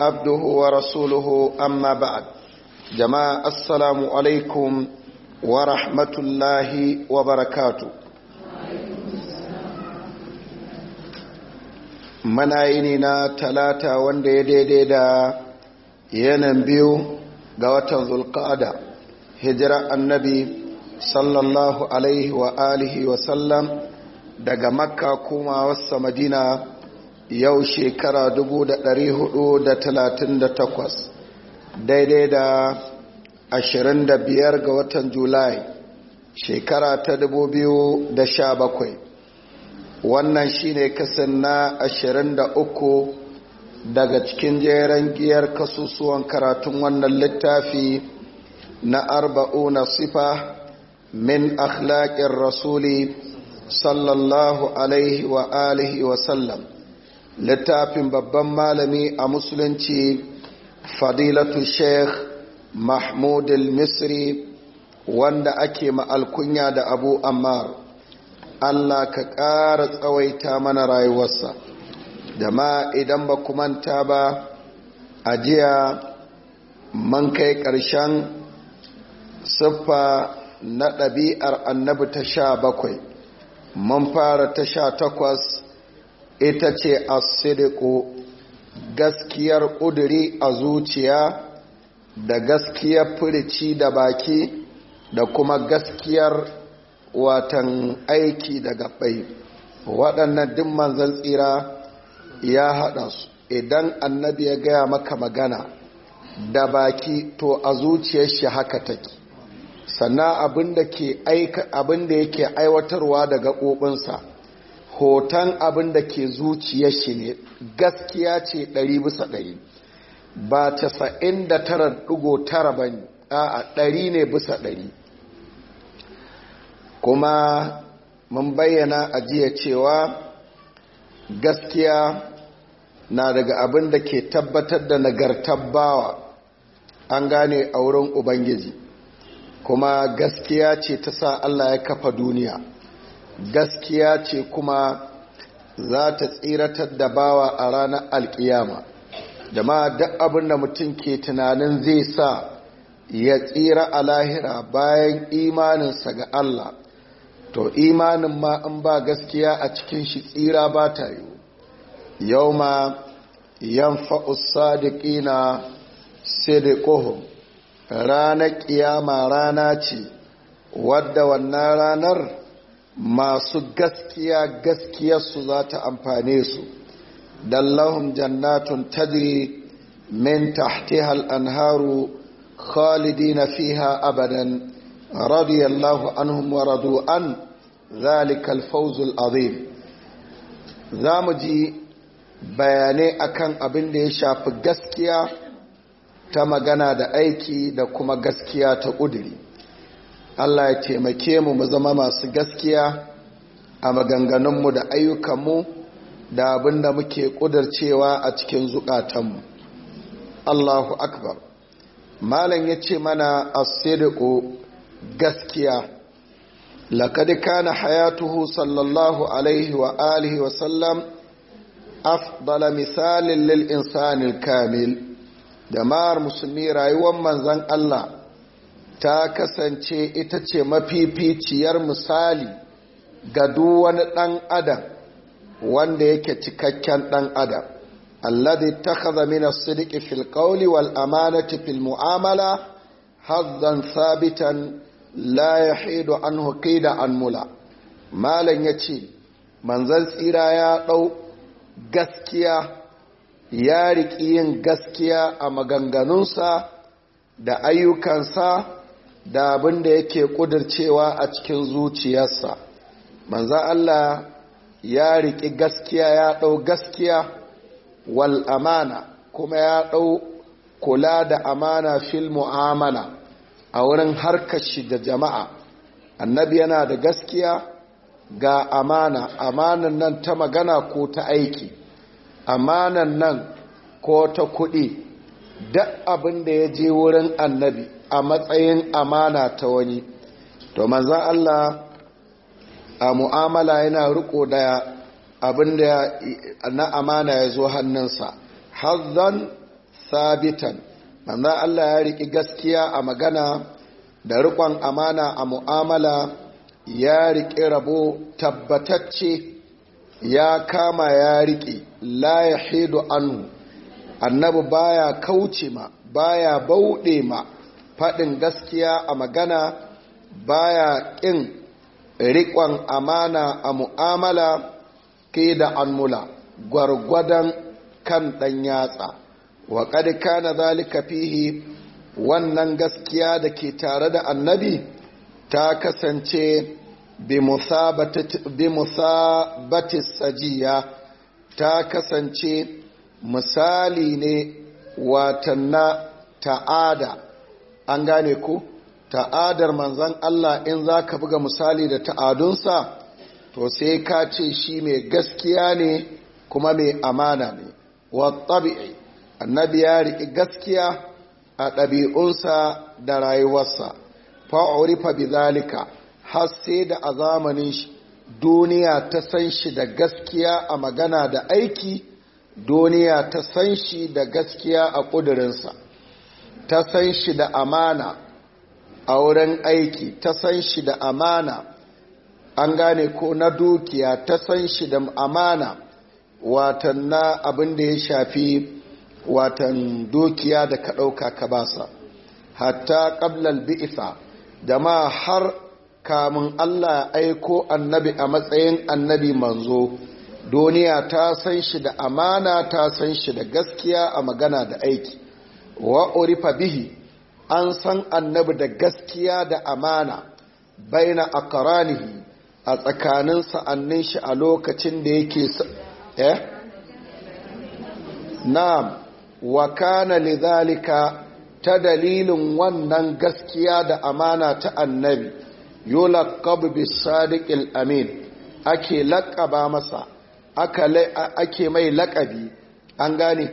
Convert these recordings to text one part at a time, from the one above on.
Abduhu wa rasuluhu عبده jama'a أما بعد جماعة wa عليكم ورحمة الله وبركاته manayinina talata wanda ya daidai da yanan biyu ga watan zulkada hijira annabi sallallahu alaihi wa alihi wa sallam daga makka kuma wasa madina yau shekara 438 daidai da 25 ga watan julai shekara ta 2017 wannan shine kasan na 23 daga cikin jeren giyar kasusuwan karatun wannan littafi na arba'una sifa min akhlaƙin rasuli sallallahu alaihi wa alihi wa sallam littafin babban malami a musulunci fadilatu sheikh mahmud al-misri wanda ake ma'alkunya da abu ammar allah ka ƙara tsawaita mana rayuwarsa da ma idan ba manta ba a jiya man kai ƙarshen siffa na ɗabi'ar annabi ta sha bakwai mun fara ta sha takwas ita ce a asiriku gaskiyar ƙuduri a zuciya da gaskiyar firici da baki da kuma gaskiyar watan aiki da gabai waɗannan duk manzan tsira ya haɗa su idan annabi ya gaya maka magana da baki to a zuciyar shi haka take sannan abin da yake aiwatarwa daga gaɓoɓinsa hoton abin da ke zuciya shi ne gaskiya ce 100 bisa 100 ba 99.9 ba ne a 100 ne bisa 100 kuma mun bayyana ajiya cewa gaskiya na daga abin da ke tabbatar da nagartar bawa an gane a wurin ubangiji kuma gaskiya ce ta sa allah ya kafa duniya gaskiya ce kuma za ta tsiratar da bawa a ranar alkiyama ma duk abin da mutum ke tunanin zai sa ya tsira a lahira bayan imaninsa ga Allah to imanin ma in ba gaskiya a cikin shi tsira ba ta yi yau ma yan fa'usadikina sidikohun ranar ƙiyama rana ce wadda wannan ranar masu gaskiya gaskiyarsu za ta amfane su lahun jannatun tajiri min tahtiha anharu khalidina fiha abadan radiyallahu anhum wa radu an zalikal al-fawz Za mu zamu ji bayanai akan abin da ya shafi gaskiya ta magana da aiki da kuma gaskiya ta ƙuduri Allah ya taimake mu mu zama masu gaskiya a maganganunmu da ayyukanmu da abin da muke ƙudarcewa a cikin zukatanmu Allahu akbar malam ya ce mana asidiku gaskiya Lakadi kana hayatuhu sallallahu alaihi wa alihi wa sallam afdala misalin lil insanil kamil jama'ar musulmi rayuwar manzan Allah ta kasance ita ce mafificiyar misali ga duk wani ɗan adam wanda yake cikakken ɗan adam alladhi takhadha min as-sidqi fil qawli wal amanati fil mu'amala hazzan sabitan la yahidu anhu qida an mula malan yace manzan tsira ya ɗau gaskiya ya riƙi yin gaskiya a maganganunsa da ayyukansa da abin da yake kudircewa a cikin zuciyarsa manza Allah ya riƙi gaskiya ya ɗau gaskiya wal amana kuma ya ɗau kula da amana fil mu'amala a wurin harkar shi da jama'a annabi yana da gaskiya ga amana amanan nan ta magana ko ta aiki amanan nan ko ta kuɗi duk abin da ya je wurin annabi a matsayin amana ta wani to manza Allah a mu'amala yana riko da abinda na amana ya zo hannunsa hazzan sabitan manza Allah ya riƙi gaskiya a magana da riƙon amana a mu'amala ya riƙi rabo tabbatacce ya kama ya riƙe la ya anhu annabi baya kauce ma baya bauɗe ma faɗin gaskiya a magana baya ƙin riƙon amana a mu'amala ke da anmula gwargwadon kan ɗan yatsa wa ƙarƙa na zalika fihi wannan gaskiya da ke tare da annabi ta kasance bi musabatis sajiya ta kasance misali ne watanna na ta'ada an gane ku? ta'adar manzan Allah in za ka buga misali da ta'adunsa to sai ka ce shi mai gaskiya ne kuma mai amana ne wa tabi'i annabi ya riƙi gaskiya a ɗabi'unsa da rayuwarsa fa'urifa bi zalika har sai da a zamanin shi duniya ta san shi da gaskiya a magana da aiki duniya ta san shi da gaskiya a ƙudurinsa ta san shi da amana a wurin aiki ta san shi da amana an gane ko na dukiya ta san shi da amana watan na abin da ya shafi watan dukiya da ka ɗauka ka basa hatta ƙablan bi'isa da ma har kamun Allah ya aiko annabi a matsayin annabi manzo duniya ta san shi da amana ta san shi da gaskiya a magana da aiki wa urifa bihi an san annabi da gaskiya da amana baina aqranihi a tsakanin sa'annin shi a lokacin da yake eh na'am wa kana lidhalika ta dalilin wannan gaskiya da amana ta annabi yulaqab bis sadiqil amin ake laƙaba masa ake mai laƙabi an gane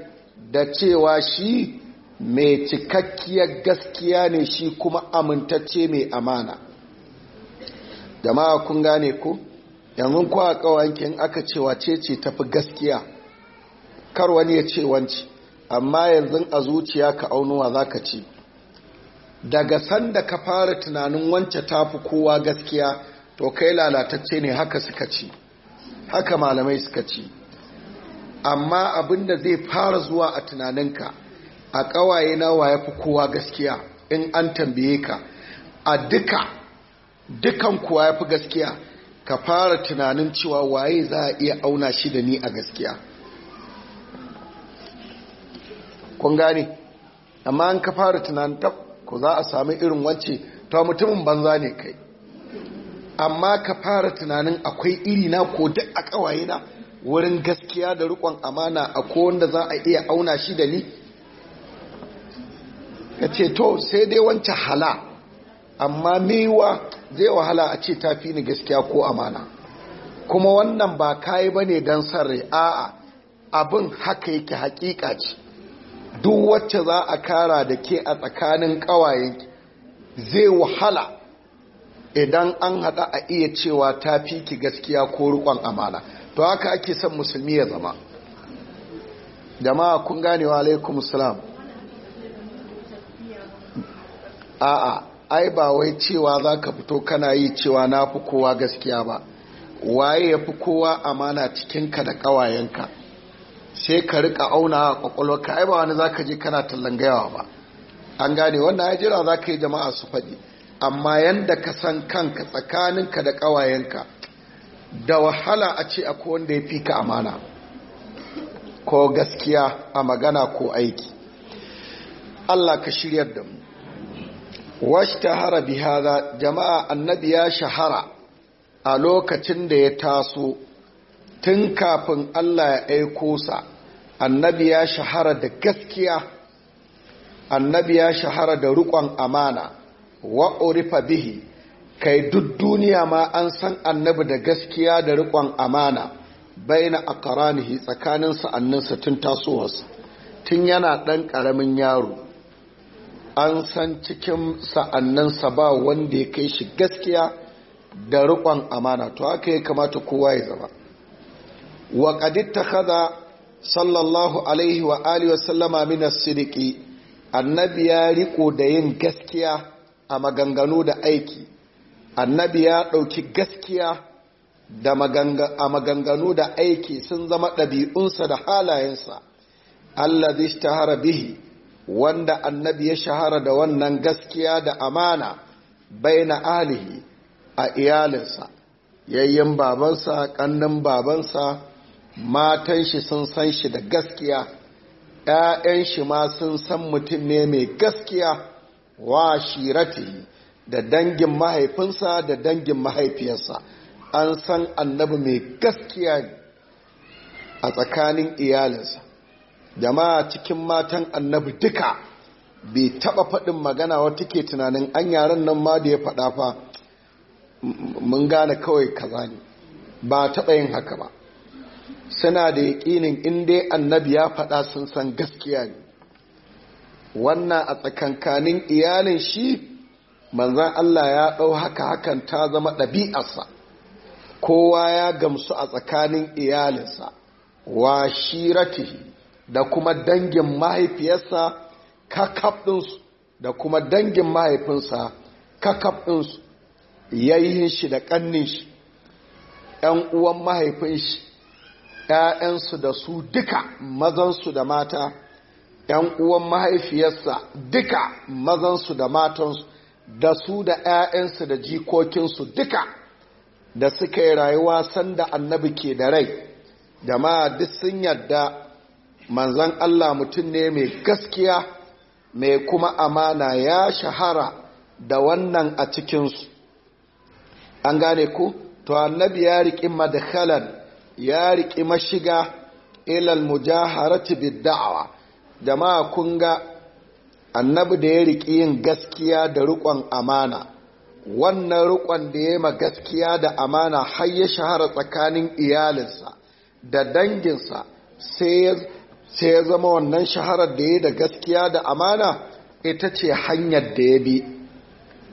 da cewa shi mai cikakkiyar gaskiya ne shi kuma amintacce mai amana jama'a kun gane ku yanzu kuwa kawankin aka ce ce tafi gaskiya kar wani ya ce wanci amma yanzu a zuciya ka aunuwa za ka ci daga sanda ka fara tunanin wance tafi kowa gaskiya to kai lalatacce ne haka suka ci haka malamai suka ci amma abinda zai fara zuwa a tunaninka a kawaye nawa ya fi kowa gaskiya in an tambaye ka a duka dukan kowa ya fi gaskiya ka fara tunanin cewa waye za a iya auna shi da ni a gaskiya kun gane amma an ka fara tunanin tab ku za a sami irin wance ta mutumin banza ne kai amma ka fara tunanin akwai iri na ko duk a kawaye na wurin gaskiya da rikon amana a wanda za a iya auna shi da ni ka ce to sai dai wancan hala amma niwa zai wahala a ce ta fi ni gaskiya ko amana kuma wannan ba kayi ba ne don san rai a'a abin haka yake hakika ce duk wacce za a kara da ke a tsakanin kawayen zai wahala idan an haɗa a iya cewa ta fi ki gaskiya ko riƙon amana to haka ake son musulmi ya zama jama'a kun ganewa alaikum salam a'a ai ba wai cewa za ka fito kana yi cewa na fi kowa gaskiya ba waye ya fi kowa amana cikinka da ƙawayenka sai ka rika auna a ka ai ba wani za ka je kana tallangayawa ba an gane wannan ya jira za ka yi jama'a su faɗi amma yanda ka san kanka tsakaninka da ƙawayenka da wahala a ce akwai wanda ya fi ka amana ko gaskiya a magana ko aiki Allah ka shiryar da mu washtahara bihadha jama'a annabi ya shahara a lokacin da ya taso tun kafin Allah ya aiko sa annabi ya shahara da gaskiya annabi ya shahara da rukon amana wa urifa bihi kai duk duniya ma an san annabi da gaskiya da riƙon amana baina aqranihi tsakanin sa'anninsa tun tasowarsa tun yana dan karamin yaro an san cikin sa'annan sa ba wanda ya kai shi gaskiya da riƙon amana to haka ya kamata kowa ya zama wa ta kaza sallallahu alaihi wa alihi wasallama sidiki annabi ya riko da yin gaskiya a maganganu da aiki annabi ya ɗauki gaskiya da a maganganu da aiki sun zama ɗabi'unsa da halayensa allazi ta bihi wanda annabi ya shahara da wannan gaskiya da amana baina alihi a iyalinsa yayyen babansa kannin babansa matan shi sun san shi da gaskiya ‘ya'yan shi ma sun san mutum ne mai gaskiya wa shirati da dangin mahaifinsa da dangin mahaifiyarsa an san annabi mai gaskiya a tsakanin iyalinsa jama'a cikin matan annabi duka bai taba faɗin magana wata ke tunanin an yaren nan ma da ya faɗa fa mun gane kawai kaza ne ba taɓa yin haka ba suna da yaƙinin in dai annabi ya faɗa sun san gaskiya ne wannan a tsakankanin iyalin shi manzan Allah ya ɗau haka hakan ta zama ɗabi'arsa kowa ya gamsu a tsakanin iyalinsa wa shiratihi da kuma dangin mahaifiyarsa kakabinsu da kuma dangin mahaifinsa kakabinsu yayin shi da ƙannin shi ‘yan uwan mahaifin shi ‘ya'yansu da su duka mazansu da mata ‘yan uwan mahaifiyarsa duka mazansu da matansu da su da ‘ya'yansu da jikokinsu duka da suka yi rayuwa sanda annabi ke da rai da ma duk sun yadda manzan Allah mutum ne mai gaskiya mai kuma amana ya shahara da wannan a cikinsu an gane ku to annabi ya riƙi madkhalan ya riƙi mashiga ilal mujaharati biddawa. jama'a kun ga annabi da ya riƙi yin gaskiya da riƙon amana wannan riƙon da ya ma gaskiya da amana har ya shahara tsakanin iyalinsa da danginsa sai ya. sai ya zama wannan shaharar da ya da gaskiya da amana ita ce hanyar da ya bi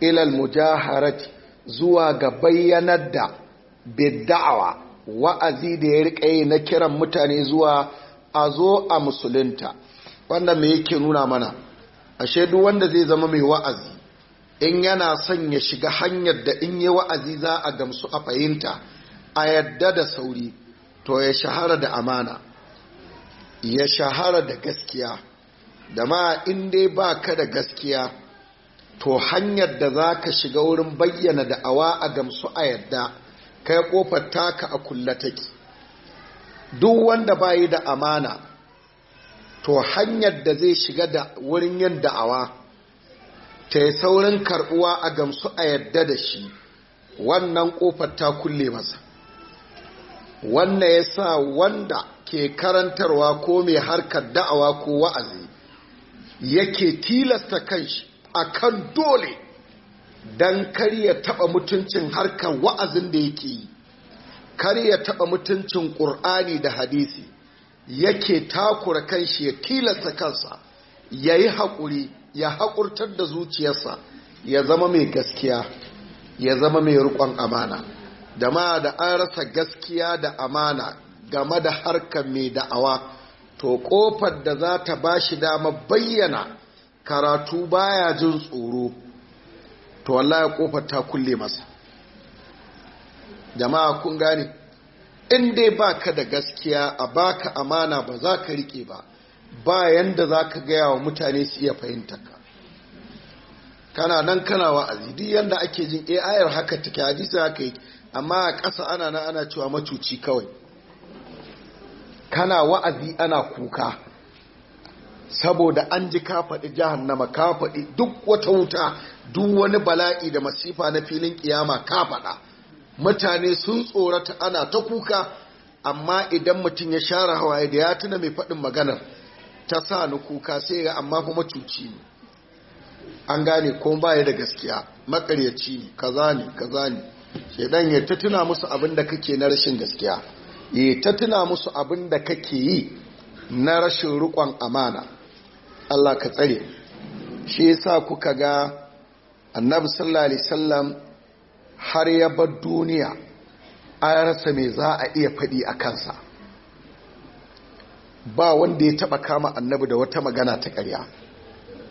ilal mujaharar zuwa ga bayyanar da bidda'awa wa'azi da ya riƙe na kiran mutane zuwa a zo a musulunta wanda mai yake nuna mana ashe duk wanda zai zama mai wa'azi in yana son ya shiga hanyar da in yi wa'azi za a gamsu a fahimta a yadda da sauri to ya shahara da amana ya shahara da gaskiya da ma in dai ba ka da gaskiya to hanyar da za ka shiga wurin bayyana da'awa a gamsu a yadda kai kofar taka a kulle take duk wanda bayi da amana to hanyar da zai shiga da wurin yin da'awa ta yi saurin karɓuwa a gamsu a yadda da shi wannan kofar ta kulle masa wannan ya sa wanda ke karantarwa ko mai harkar da'awa ko wa'azi yake tilasta kanshi akan dole don kar ya taɓa mutuncin harkar wa'azin da yake yi kar ya taɓa mutuncin ƙur'ani da hadisi yake takura kanshi ya tilasta kansa ya yi haƙuri ya haƙurtar da zuciyarsa ya zama mai gaskiya ya zama mai riƙon amana da da an rasa gaskiya da amana game da harkar mai da'awa to kofar da za ta ba shi dama bayyana karatu baya jin tsoro to wallahi kofar ta kulle masa jama'a kun gane in dai ba ka da gaskiya a baka amana ba za ka rike ba ba yanda za ka gaya wa mutane su iya fahimta ka kana nan kana wa'azi duk yanda ake jin ayar haka take hadisi haka yake amma a ƙasa ana na ana cewa macuci kawai kana wa'azi ana kuka saboda an ji ka faɗi na ka faɗi duk wata wuta duk wani bala'i da masifa na filin kiyama ka faɗa mutane sun tsorata ana ta kuka amma idan mutum ya share hawaye da ya tuna mai faɗin maganar ta sa ni kuka sai ga amma kuma cuci ne an gane ko baya da gaskiya makaryaci kaza ne kaza ne shedan ya ta tuna musu abin da kake na rashin gaskiya yi e, ta tuna musu abin da kake yi na rashin rukon amana Allah ka tsare shi yasa kuka ga annabi sallallahu alaihi wasallam har ya bar duniya ayarsa rasa me za a iya faɗi a kansa ba wanda ya taba kama annabi da wata magana ta ƙarya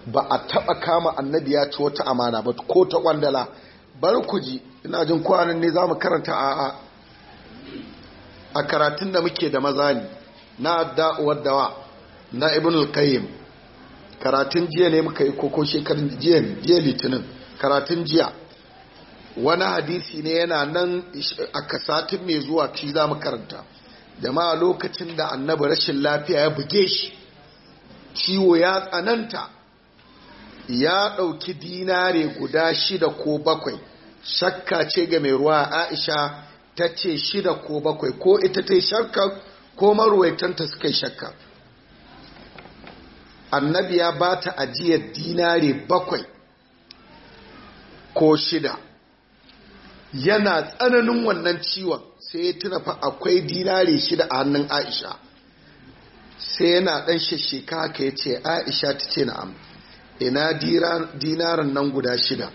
ba a taɓa kama annabi ya ci wata amana ba ko ta kwandala bar ku ji ina jin kwanan ne za mu karanta a a karatun da muke da maza ne na adda'uwar dawa na ibn al-qayyim karatun jiya ne muka yi koko shekarun jiya jiya litinin karatun jiya wani hadisi ne yana nan a kasatin mai zuwa ci za mu karanta jama'a lokacin da annabi rashin lafiya ya buge shi ciwo ya tsananta ya ɗauki dinare guda shida ko bakwai shakka ce ga mai ruwa aisha ta ce shida ko bakwai ko ita ta yi shakka ko marwaitanta suka yi shakka annabi ya ba ta ajiyar dinare bakwai ko shida yana tsananin wannan ciwon sai ya tuna fa akwai dinare shida a hannun aisha sai yana ɗan shashika haka ya ce aisha ta ce na'am ina dinarin nan guda shida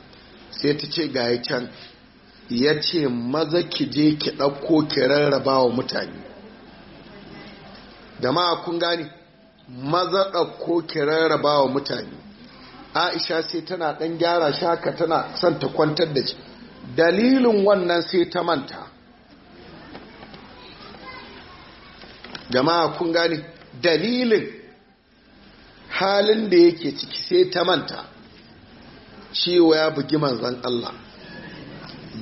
sai ta ce ga can ya ce maza ki je ki ɗauko ki rarraba wa mutane da ma kun gani maza ɗauko ki rarraba wa mutane aisha sai tana ɗan gyara shaka tana son ta kwantar da shi dalilin wannan sai ta manta da ma kun gani dalilin halin da yake ciki sai ta manta cewa ya bugi manzan Allah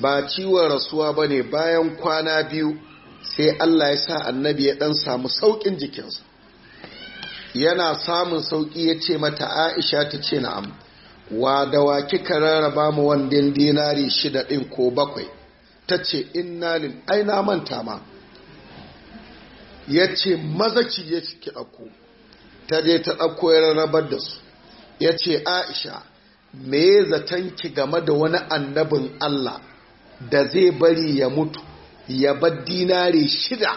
ba ciwon rasuwa ba ne bayan kwana biyu sai Allah ya sa annabi ya ɗan samu sauƙin jikinsa yana samun sauki ya ce mata aisha ta ce na'am wa da wa kika rarraba mu wandin dinari shida din ko bakwai ta ce inna lil aina manta ma ya ce maza ki je ki ɗauko ta je ta ɗauko ya rarrabar da su ya ce aisha me zaton ki game da wani annabin Allah da zai bari ya mutu ya bar dinare shida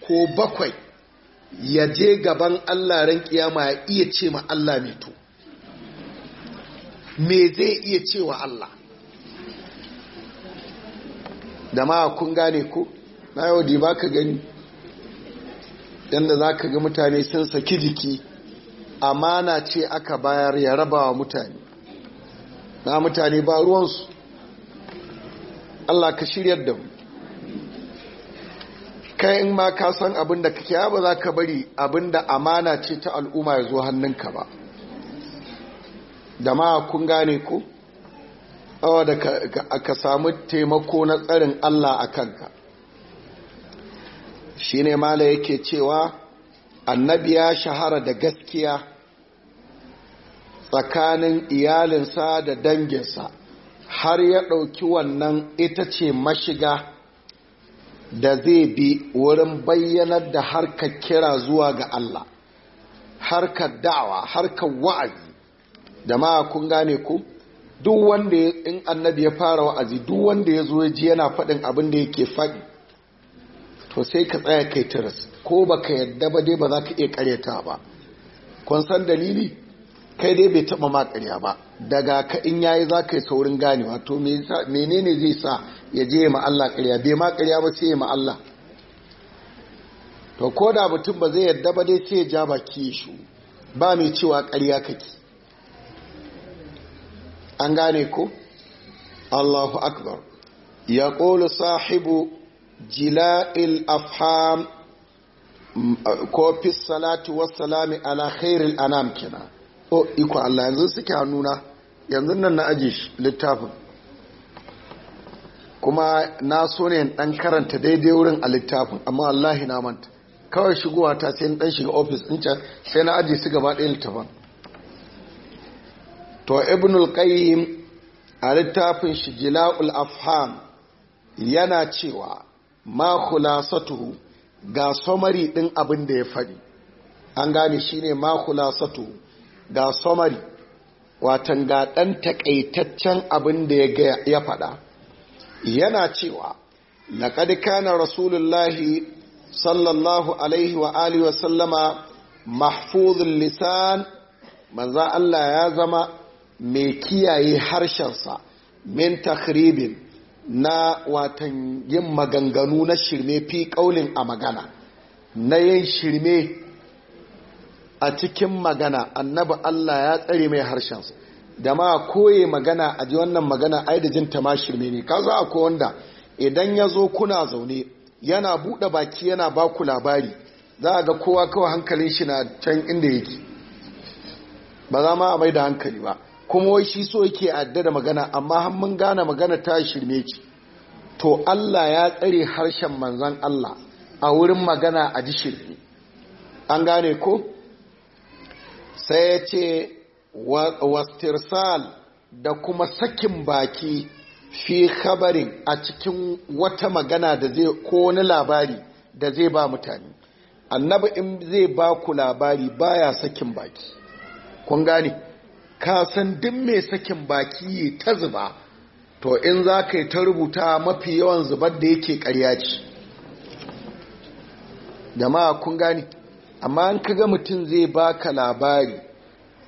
ko bakwai ya je gaban Allah ran kiyama ya iya ce ma Allah mito me zai iya cewa Allah da ma kun gane ko na yau da ba ka gani yadda za ka ga mutane sun saki jiki amana ce aka bayar ya raba wa mutane na mutane ba ruwansu Allah ka shiryar da mu kai in ma ka san abin da kake ba za ka bari abin da amana ce ta al'umma ya zo hannunka ba da ma kun gane ku awa da ka samu taimako na tsarin Allah a kanka shi ne mala yake cewa annabi ya shahara da gaskiya tsakanin iyalinsa da danginsa har ya ɗauki wannan ita ce mashiga da zai bi wurin bayyanar da harkar kira zuwa ga Allah harkar da'awa harkar wa'azi jama'a kun gane ku duk wanda in annabi ya fara wa'azi duk wanda ya zo ji yana faɗin abin da yake faɗi to sai ka tsaya kai tiras ko baka yadda ba dai ba za ka iya karyata ba kun san dalili kai dai bai taba ma karya ba daga ka in yayi za ka yi saurin ganewa to menene zai sa ya je ma Allah ƙarya bai ma karya ba sai ya ma Allah to ko da mutum ba zai yarda ba dai sai ya ja baki shu ba mai cewa ƙarya kake an gane ko Allahu akbar ya qulu sahibu jila'il afham mm, ko fi salatu wassalamu ala khairil anam kenan o oh, iko Allah yanzu suke hannuna yanzu nan na aji shi littafin kuma na so ne dan karanta daidai wurin a littafin amma wallahi na manta kawai shigowa ta sai dan shiga ofis din can sai na aji su gaba ɗaya littafin to ibnul qayyim a littafin shi jila'ul afham yana cewa ma khulasatuhu ga somari din abin da ya faɗi an gane shine ma khulasatuhu ga somari watan ga ɗan taƙaitaccen abin da ya faɗa yana cewa laƙad kana rasulullahi sallallahu alaihi wa alihi wa sallama mahfuzul lisan manza Allah ya zama mai kiyaye harshensa min takribin na watan yin maganganu na shirme fi kaulin a magana na yin shirme a cikin magana annabi Allah ya tsare mai harshensa da ma koye magana a ji wannan magana ai da ma tamashir ne ka za wanda idan ya zo kuna zaune yana buɗe baki yana ba ku labari za a ga kowa kawai hankalin shi na can inda yake ba za ma a mai da hankali ba kuma wai shi so yake adda da magana amma har mun gane magana ta shirme ki to Allah ya tsare harshen manzon Allah a wurin magana a ji shirme an gane ko sai ya ce wastirsal da kuma sakin baki fi khabarin a cikin wata magana da zai ko wani labari da zai ba mutane annabi in zai ba ku labari baya sakin baki kun gane ka san duk mai sakin baki ta zuba to in za ka yi ta rubuta mafi yawan zubar da yake karya ce jama'a kun gani amma an kaga mutum zai baka labari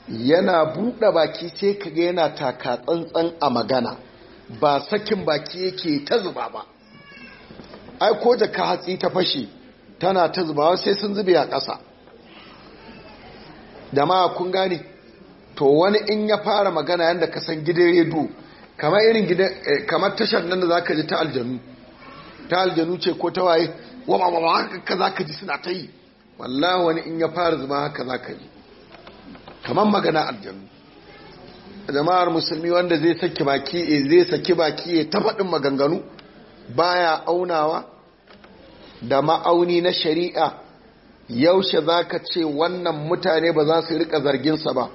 yana buɗe baki sai kaga yana taka tsantsan a magana ba sakin baki yake ta zuba ba ai ko da ka hatsi ta fashe tana ta zubawa sai sun zube a ƙasa da ma kun gane to wani in ya fara magana yadda ka san gidan ya kamar irin eh, kamar tashar nan da zaka ji ta aljanu ta aljanu ce ko ta waye wa ba ba haka ka zaka ji suna ta yi wallahi wani in ya fara zuba haka za ka yi kamar magana aljanu jama'ar musulmi wanda zai saki baki eh, zai saki baki ya ta faɗin maganganu baya aunawa da ma'auni na shari'a yaushe za ka ce wannan mutane ba za su rika zarginsa ba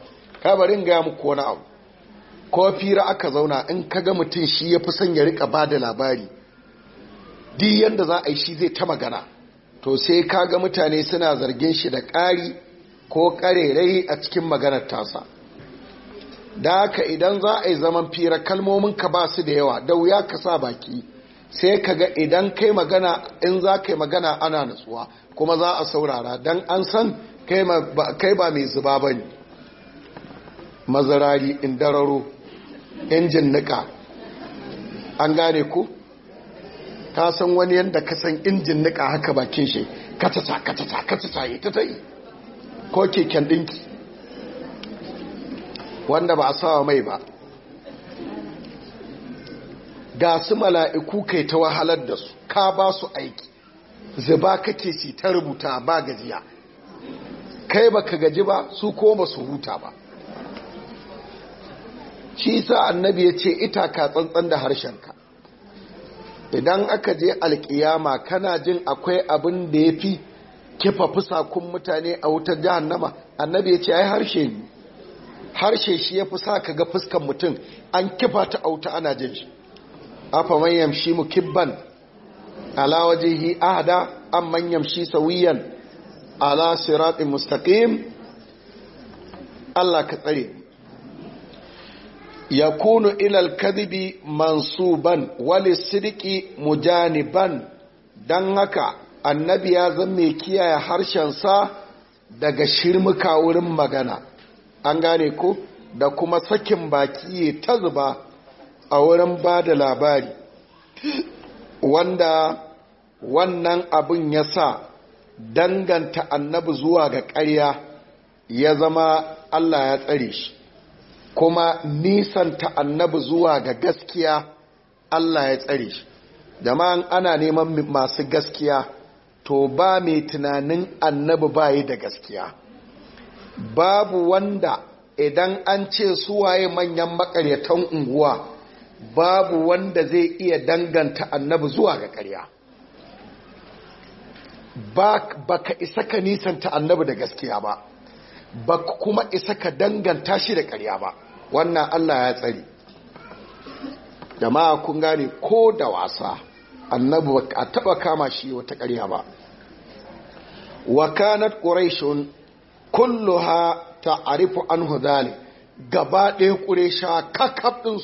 kabarin gaya muku wani abu ko aka zauna in ka ga mutum shi ya fi son ya rika ba da labari duk yadda za a yi shi zai ta magana to sai kaga mutane suna zargin shi da ƙari ko ƙarerai a cikin maganar tasa da haka idan za a yi zaman fira ka ba su da yawa da wuya ka sa baki sai ka ga idan kai magana in za ka yi magana ana nutsuwa kuma za a saurara don an san kai ba mai zuba ba ne mazarari in dararo injin nika an gane ku ka san wani yadda ka san injin nika haka bakin shi katata katata katata yi ta ta yi ko keken dinki wanda ba a sawa mai ba ga su mala'iku kai ta wahalar da su ka ba su aiki zuba kake si ta rubuta ba gajiya kai ba ka gaji ba su ko ba su huta ba shi sa annabi ya ce ita ka tsantsan da harshenka idan aka je alkiyama kana jin akwai abin da ya fi kifa fusakun mutane a wutar Nama? annabi ya ce ai harshe ne harshe shi ya fi sa ka ga fuskan mutum an kifa ta wuta ana jin shi afa man yamshi mukibban ala wajhihi ahda am man yamshi sawiyan ala siratin mustaqim Allah ka tsare yakunu ilal kadhibi mansuban wal sidiki mujaniban dan haka annabi ya kiyaye harshen kiyaye harshensa daga shirmuka wurin magana an gane ko da kuma sakin baki ta zuba a wurin ba da labari wanda wannan abin ya sa danganta annabi zuwa ga ƙarya ya zama allah ya tsare shi kuma nisanta annabi zuwa ga gaskiya Allah ya tsare shi jama'an ana neman masu gaskiya to ba mai tunanin annabi bayi da gaskiya babu wanda idan an ce suwaye manyan makaryatan unguwa babu wanda zai iya danganta annabi zuwa ga karya ba ka isa ka nisanta annabi da gaskiya ba ba kuma isa ka danganta shi da karya ba wannan Allah ya tsari jama'a kun gane ko da wasa annabi ba a taba kama shi wata karya ba wa kanat quraishun kulluha ta'rifu anhu dhalik gaba ɗaya quraisha kakabdin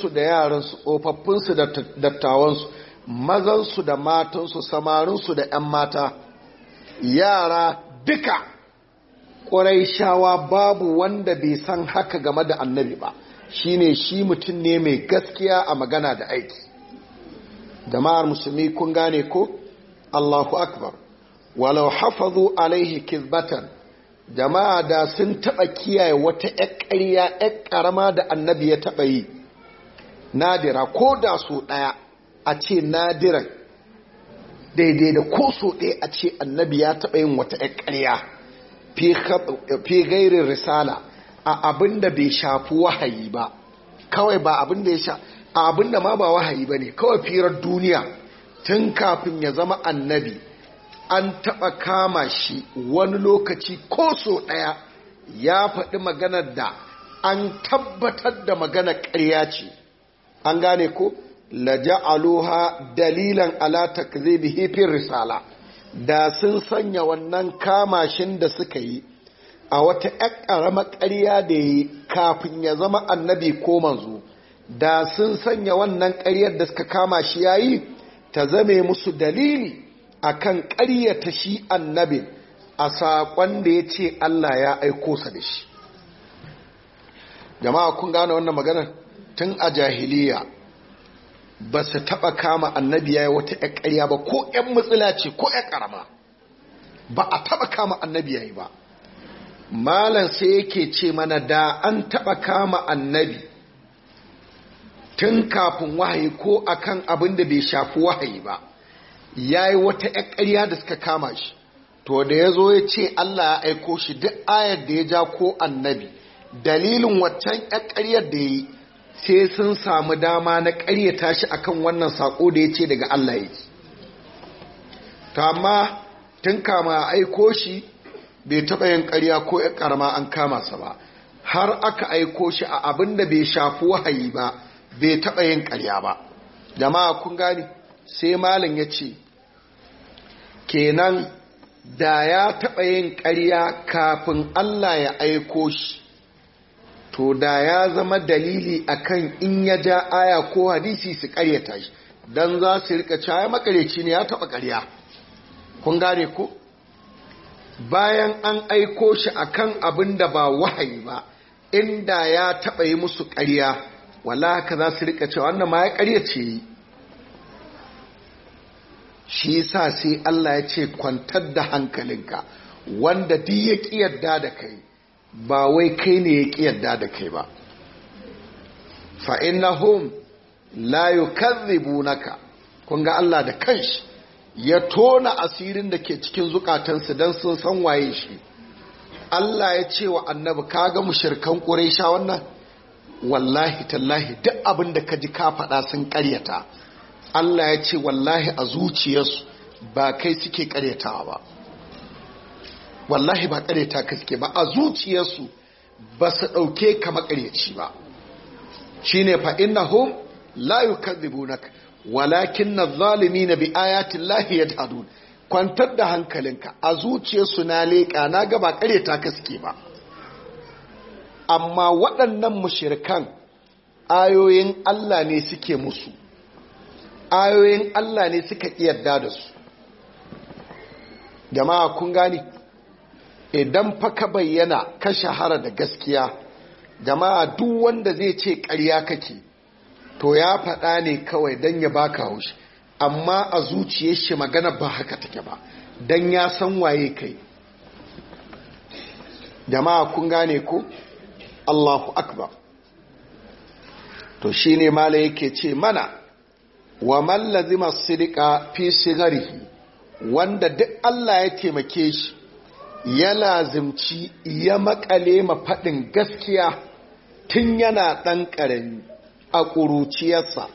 su da yaran su tsofaffin da dattawan su mazan su da matan su samarin su da ƴan mata yara duka shawa babu wanda bai san haka game da annabi ba shine shi mutum ne mai gaskiya a magana da aiki jama'ar musulmi kun gane ko Allahu akbar walau hafazu alaihi kizbatan jama'a da sun taɓa kiyaye wata ƙarya ƴar ƙarama da annabi ya taba yi nadira ko da so ɗaya a ce nadiran daidai da ko so ɗaya a ce annabi ya taba yin wata ƴar ƙarya fi gairin risala a abin da bai shafi wahayi ba kawai ba abin da ya sha a abin da ma ba wahayi ba ne kawai firar duniya tun kafin ya zama annabi an taɓa kama shi wani lokaci ko so ɗaya ya faɗi maganar da an tabbatar da maganar ƙarya ce an gane ko ja'aluha dalilan ala takzibi hifin risala da sun sanya wannan kamashin da suka yi a wata ƙaramar ƙarya da ya yi kafin ya zama annabi ko manzu, da sun sanya wannan ƙaryar da suka kama shi yi, ta zame musu dalili a akan ƙaryata shi annabi a saƙon da ya ce Allah ya aiko sa da shi jama'a kun gane wannan maganar tun a jahiliya ba su taɓa kama annabi ya yi wata ƙarya ba ko ‘yan matsala ce ko ‘yan ƙarama ba a taɓa kama annabi ya yi ba malam sai yake ce mana da an taɓa kama annabi tun kafin wahayi ko akan abin da bai shafi wahayi ba ya yi wata ‘yan ƙarya da suka kama shi to da ya zo ya ce Allah ya aiko shi duk ayar da ya ja ko annabi dalilin waccan ‘yan karyar da ya yi sai sun samu dama na ƙaryata shi akan wannan sako da ya ce daga Allah ya Ta amma tun kama a aiko shi bai taɓa yin ƙarya ko ya ƙarama an kama sa ba har aka aiko shi a abin da bai shafi wahayi ba bai taɓa yin ƙarya ba jama'a kun gane sai malin ya ce kenan da ya taɓa yin ƙarya kafin Allah ya aiko shi to da ya zama dalili akan in ya ja aya ko hadisi su karyata shi dan za su rika caya makareci ne ya taba karya kun gane ko bayan an aiko shi akan abin da ba wahayi ba inda ya taba yi musu karya wala haka za su rika cewa wannan ma ya karyace yi shi sa sai Allah ya ce kwantar da hankalinka wanda duk ya ƙi yarda da kai ba wai kai ne ya ƙi yadda da kai ba fa'innahum la karribu naka kun ga Allah da kanshi ya tona asirin da ke cikin zukatansu don sun san waye shi Allah ya ce wa annabi kaga mushirkan ƙuraisha wannan wallahi tallahi duk abin da ka ji ka faɗa sun ƙaryata Allah ya ce wallahi a zuciyarsu ba kai suke ƙaryatawa ba wallahi ba ta kaske ba a zuciyarsu ba su ɗauke ka makaryaci ba shine fa innahum la yukadhibunaka walakin na na ayatin lahi yadhadun kwantar da hankalinka a zuciyarsu na leƙa na gaba kare ta kaske ba amma waɗannan mushirikan ayoyin Allah ne suke musu ayoyin Allah ne suka yarda da su jama'a kun gani idan fa ka bayyana ka shahara da gaskiya jama'a duk wanda zai ce ƙarya kake to ya faɗa ne kawai don ya baka haushi amma a zuciyar shi magana ba haka take ba don ya san waye kai jama'a kun gane ko Allahu akbar to shine mala yake ce mana wa mallazi masu fi wanda duk Allah ya taimake shi ya lazimci ya makale ma faɗin gaskiya tun yana ɗan ƙarami a ƙuruciyarsa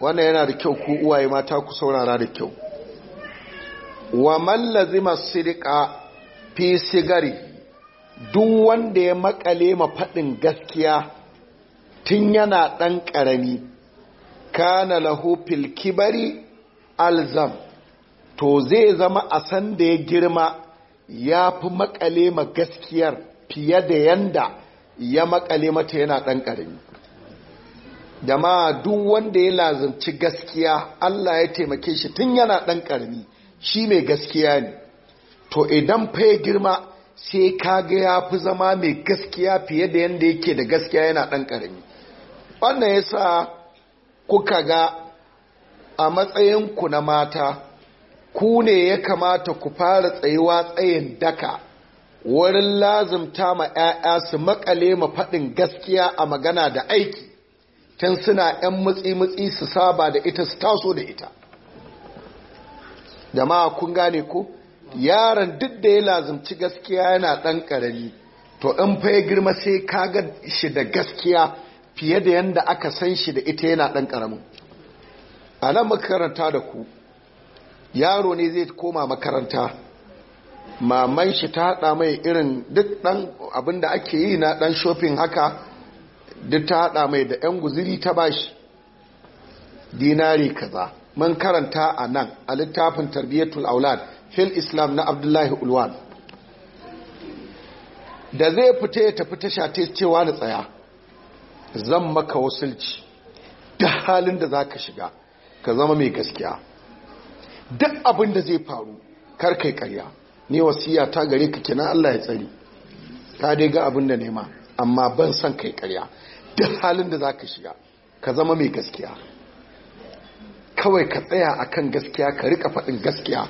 wannan yana da kyau ku uwaye mata ku saurara da kyau wa mallazima sidika fi sigari duk wanda ya makale ma faɗin gaskiya tun yana ɗan ƙarami kana lahu fil kibari alzam to zai zama a san da ya girma ya fi makale ma gaskiyar fiye da yanda ya makale mata yana ɗan ƙarami dama duk wanda ya lazanci gaskiya Allah ya taimake shi tun yana ɗan ƙarami shi mai gaskiya ne to idan fa ya girma sai kaga ya fi zama mai gaskiya fiye da yanda yake da gaskiya yana ɗan ƙarami wannan ya sa kuka ga a matsayinku na mata ku ne ya kamata ku fara tsayuwa tsayin daka wurin lazumta ma 'ya'ya su makale ma faɗin gaskiya a magana da aiki tun suna 'yan mutsi-mutsi su saba da ita su taso da ita jama'a kun gane ku. yaron duk da ya lazumci gaskiya yana ɗan ƙarami to in fa ya girma sai kaga shi da gaskiya fiye da yanda aka san shi da ita yana ɗan ƙaramin a nan makaranta da ku yaro ne zai koma makaranta maman shi ta hada mai irin duk dan abinda ake yi na ɗan shopping haka duk ta hada mai da yan guziri ta bashi dinari kaza man karanta a nan a littafin tarbiyyatul aulad fil islam na abdullahi ulwan da zai fita ya tafi tasha shate cewa da tsaya zan maka wasulci da halin da za ka shiga ka zama mai gaskiya duk abin da zai faru kar karya ne wasiya ta gare ka kenan Allah ya tsari ka dai ga abin da nema amma ban san kai karya duk halin da za ka shiga ka zama mai gaskiya kawai ka tsaya akan gaskiya ka rika faɗin gaskiya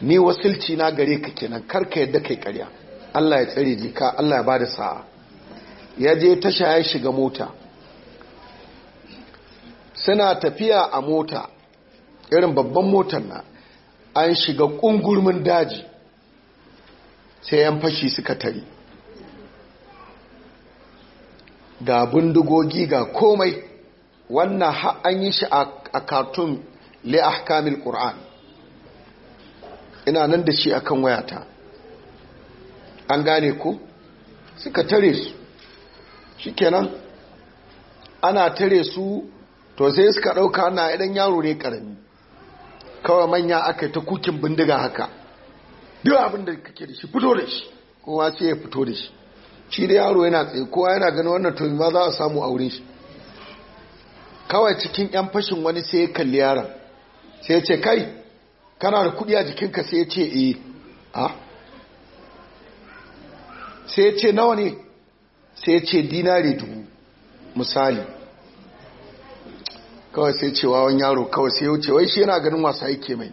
ni wasilci na gare ka kenan kar ka yadda kai karya Allah ya tsare jika Allah ya bada sa'a ya je tasha ya shiga mota suna tafiya a mota irin babban motar na an shiga ƙungurmin daji sai yan fashi suka tari ga bindigogi ga komai wannan an yi shi a cartoon kamil ƙur'an ina nan da shi akan wayata an gane ku suka tare su shikenan ana tare su to sai suka ɗauka na idan yaro ne ƙarami kawai manya aka yi ta kukin bindiga haka duk abin da kake da shi fito da shi kowa sai ya fito da shi shi da yaro yana tsaye kowa yana ganin wannan to ma za a samu aure shi kawai cikin yan fashin wani sai ya kalli yaron sai ya ce kai kana da kudi a jikinka sai ya ce eh a ah? sai ya ce nawa ne sai ya ce dinari dubu misali kawai sai cewa wani yaro kawai sai wuce wai shi yana ganin wasa aiki mai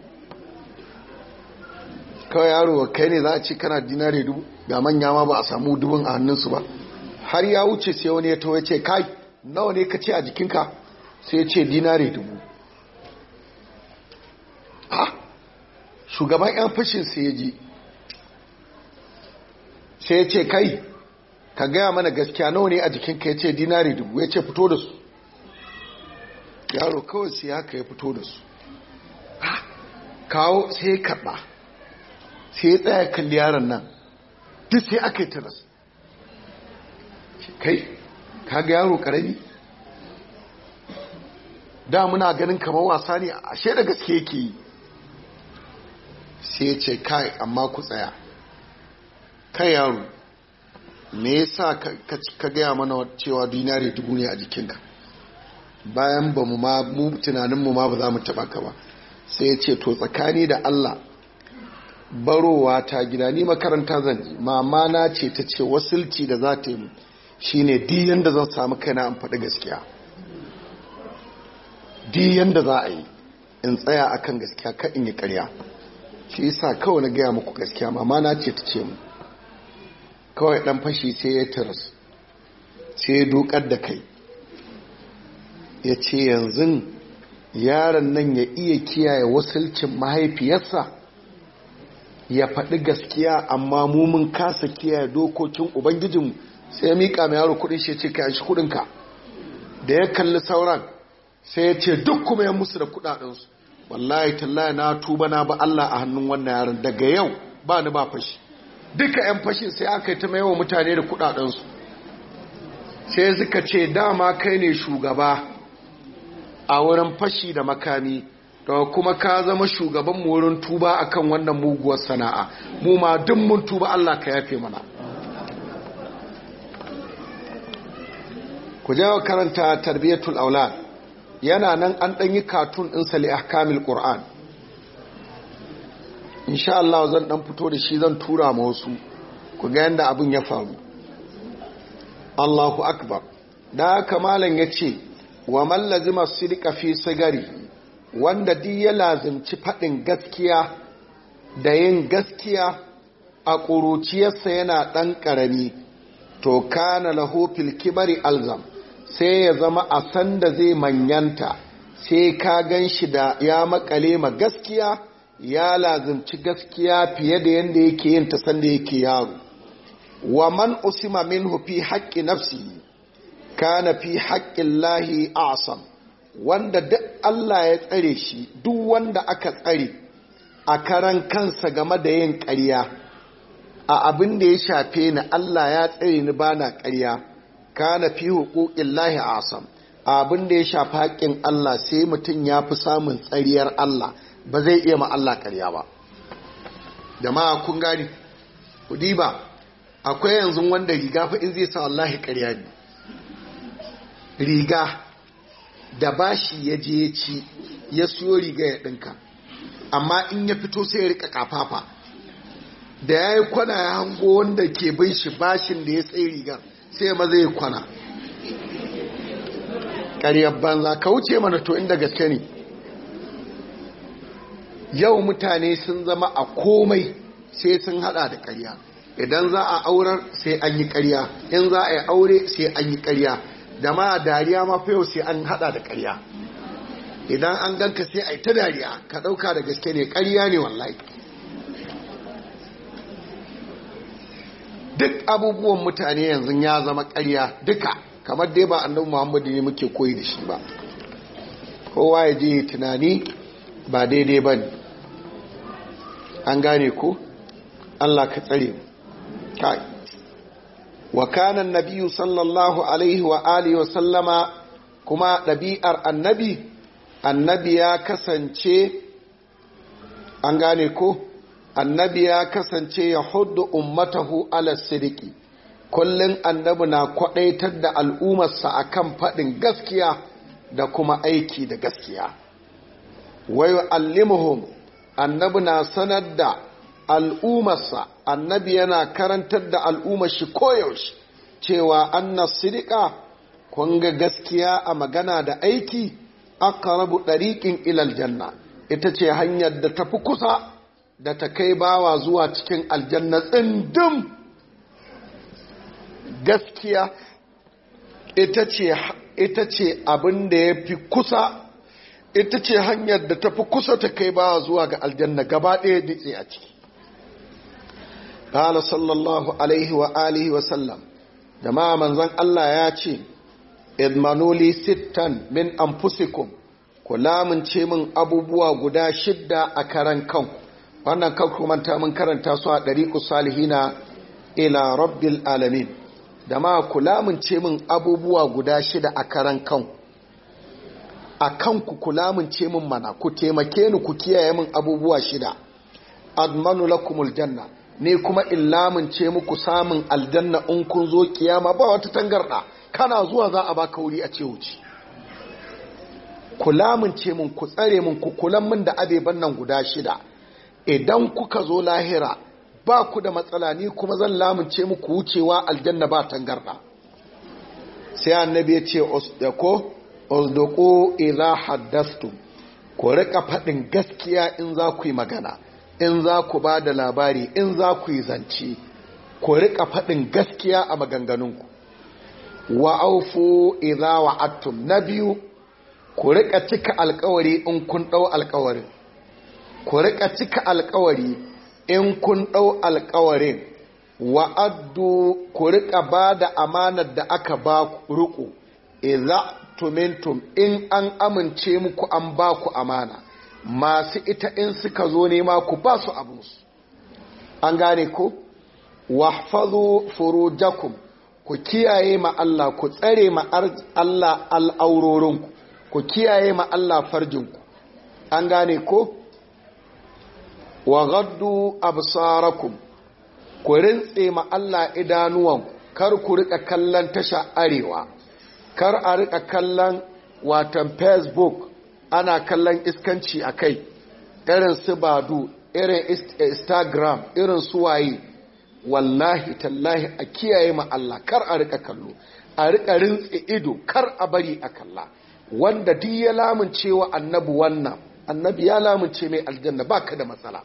kawai yaro kai ne za a ci kana dinare dubu ga manya ma ba a samu dubun a hannunsu ba har ya wuce sai wani ya to ya ce kai nawa ne ka ce a jikinka sai ya ce dinare dubu ha shugaban yan fashin sai ya ji sai ya ce kai ka gaya mana gaskiya nawa ne a jikinka ya ce dinare dubu ya ce fito da su yaro kawai sai haka ya fito da su ah, kawo sai ya sai ya tsaya kalli yaron nan duk sai aka yi tiras kai kaga yaro karami da muna ganin kamar wasa ne ashe da gaske yake yi sai ya ce kai amma ku tsaya kai yaro me yasa ka gaya mana cewa dinari dubu ne a jikinka bayan ba mu ma mu tunaninmu ma ba za mu taba ka ba sai ya ce to tsakani da Allah barowa ta gida ni makaranta zan yi mama na ce ta ce wasilci da za ta yi shine di yanda zan samu kaina an faɗi gaskiya di yanda za a yi in tsaya akan gaskiya ka in yi ƙarya shi yasa kawai na gaya muku gaskiya mama na ce ta ce mu kawai dan fashi sai ya tarasu sai ya dukar da kai ya ce yanzu yaron nan ya iya kiyaye wasilcin mahaifiyarsa ya faɗi gaskiya amma mumin kasa kiyaye dokokin ubangijin sai ya miƙa mai yaro kuɗin shi ya ce kayan shi kuɗinka da ya kalli sauran sai ya ce duk kuma ya musu da kuɗaɗensu wallahi tallahi na tuba na ba Allah a hannun wannan yaron daga yau ba ni ba fashi duka 'yan fashin sai aka yi ta mai mutane da kuɗaɗensu sai suka ce dama kai ne shugaba a wurin fashi da makami da kuma ka zama shugaban mu wurin tuba akan wannan muguwar sana'a mu ma duk mun tuba Allah ka yafe mana ku jawo karanta tarbiyatul aulad yana nan an dan yi katun din sali ahkamil qur'an insha Allah zan dan fito da shi zan tura ma wasu ku ga yanda abin ya faru Allahu akbar da haka malam yace wa man masu fi sigari wanda di ya lazimci faɗin gaskiya da yin gaskiya a ƙuruciyarsa yana ɗan ƙarami to kana lahu kibari alzam sai ya zama a sanda zai manyanta sai ka gan shi da ya makale ma gaskiya ya lazimci gaskiya fiye da yadda yake yin ta sanda yake yaro wa man usima min hufi haƙƙi nafsi kana fi haƙƙillahi asam wanda duk Allah ya tsare shi duk wanda aka tsare a karan kansa game da yin ƙarya a abin da ya shafe ni Allah ya tsare ni bana ƙarya kana fi huquqillahi asam abin da ya shafi haƙƙin Allah sai mutum ya fi samun tsariyar Allah ba zai iya ma Allah ƙarya ba jama'a kun gani kudi ba akwai yanzu wanda riga fa in zai sa wallahi ƙarya ne riga da bashi ya je ya ci ya siyo riga ya ɗinka amma in ya fito sai ya rika kafafa da ya yi kwana ya hango wanda ke bin shi bashin da ya tsaye rigar sai ma zai kwana ƙaryar banza ka wuce mana to inda gaske ne yau mutane sun zama a komai sai sun hada da ƙarya idan za a aurar sai an yi ƙarya in za a yi aure sai an yi ƙarya Da ma dariya ma fa sai an hada da ƙarya idan an ganka sai a yi ta dariya ka ɗauka da gaske ne ƙarya ne wallahi duk abubuwan mutane yanzu ya zama ƙarya duka kamar dai ba annabi muhammadu ne muke koyi da shi ba kowa ya je tunani ba daidai ba ne an gane ko allah ka tsare kai wa kana nabiyyu sallallahu alaihi wa wa sallama kuma ɗabi'ar annabi annabi ya kasance an gane ko annabi ya kasance ya hudu ummatahu ala sidiki kullum annabi na kwadaitar da al'umarsa akan faɗin gaskiya da kuma aiki da gaskiya wayo allimuhum annabi na sanar da al'umarsa annabi yana karantar da al'umar shi koyaushe cewa anna sidika kun ga gaskiya a magana da aiki aka rabu ɗariƙin ilal janna ita ce hanyar da ta fi kusa da ta kai bawa zuwa cikin aljanna tsindin gaskiya ita ce abin da ya fi kusa ita ce hanyar da ta fi kusa ta kai bawa zuwa ga aljanna gaba ɗaya ditse a ciki kala sallallahu alaihi wa alihi wa sallam jama'a manzan Allah ya ce idmanuli sittan min anfusikum ku lamince min abubuwa guda shidda a karan kanku wannan kanku manta mun karanta su a ɗariƙu salihina ila rabbil alamin jama'a ku lamince min abubuwa guda shida a karan kanku a kanku ku lamince min mana ku taimake ni ku kiyaye min abubuwa shida admanu lakumul janna ne kuma in lamunce muku samun aljanna in kun zo kiyama ba wata tangarda kana zuwa za a baka wuri a ce wuce ku lamunce mun ku tsare mun ku kulan mun da abeban nan guda shida idan kuka zo lahira ba ku da matsala ni kuma zan lamunce muku wucewa aljanna ba tangarda sai annabi ya ce osdako osdako idza haddastu ku rika faɗin gaskiya in za ku yi magana in za ku ba da labari in za ku yi zance ku riƙa faɗin gaskiya a maganganunku wa aufu idza wa'attum na biyu ku riƙa cika alkawari in kun ɗau alkawarin ku rika cika alkawari in kun ɗau alkawarin wa'addu ku riƙa ba da amanar da aka ba ku riƙo idza tumintum in an amince muku an ba ku amana masu ita in suka zo nema ku ba su abinsu an gane ko wahfazu furujakum ku kiyaye ma Allah ku tsare ma Allah al'aurorinku ku kiyaye ma Allah farjinku an gane ku wa gaddu absarakum ku rintse ma Allah idanuwan kar ku rika kallon tasha arewa kar a rika kallon watan facebook ana kallon iskanci a kai irin su badu irin eh, instagram irin su wallahi tallahi a kiyaye ma Allah kar a rika kallo a rika rintse ido kar a bari a kalla wanda duk ya lamince wa annabi wannan annabi ya lamunce mai aljanna baka da matsala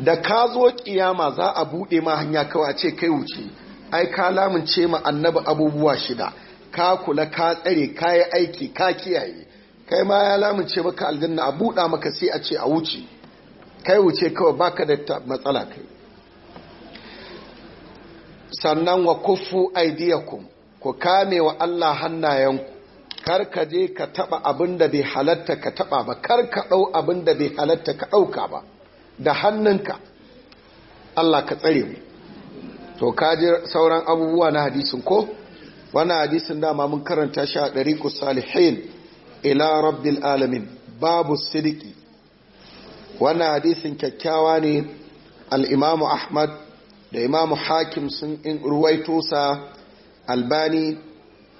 da ka zo kiyama za a bude ma hanya kawai ce kai wuce ai ka lamunce ma annabi abubuwa shida ka kula ka tsare ka yi aiki ka kiyaye kai ma ya lamince maka na a buɗa maka sai a ce a wuce kai wuce kawai baka da matsala kai sannan wa kufu aidiyakum ku kame wa Allah hannayenku kar ka je ka taba abin da bai halatta ka taba ba kar ka dau abin da bai halatta ka dauka ba da hannunka Allah ka tsare mu to ka ji sauran abubuwa na hadisin ko wannan hadisin dama mun karanta shi a dariqus salihin ila rabbil alamin babu sidiki wannan hadisin kyakkyawa ne al'imamu ahmad da imamu hakim sun in ruwaito sa albani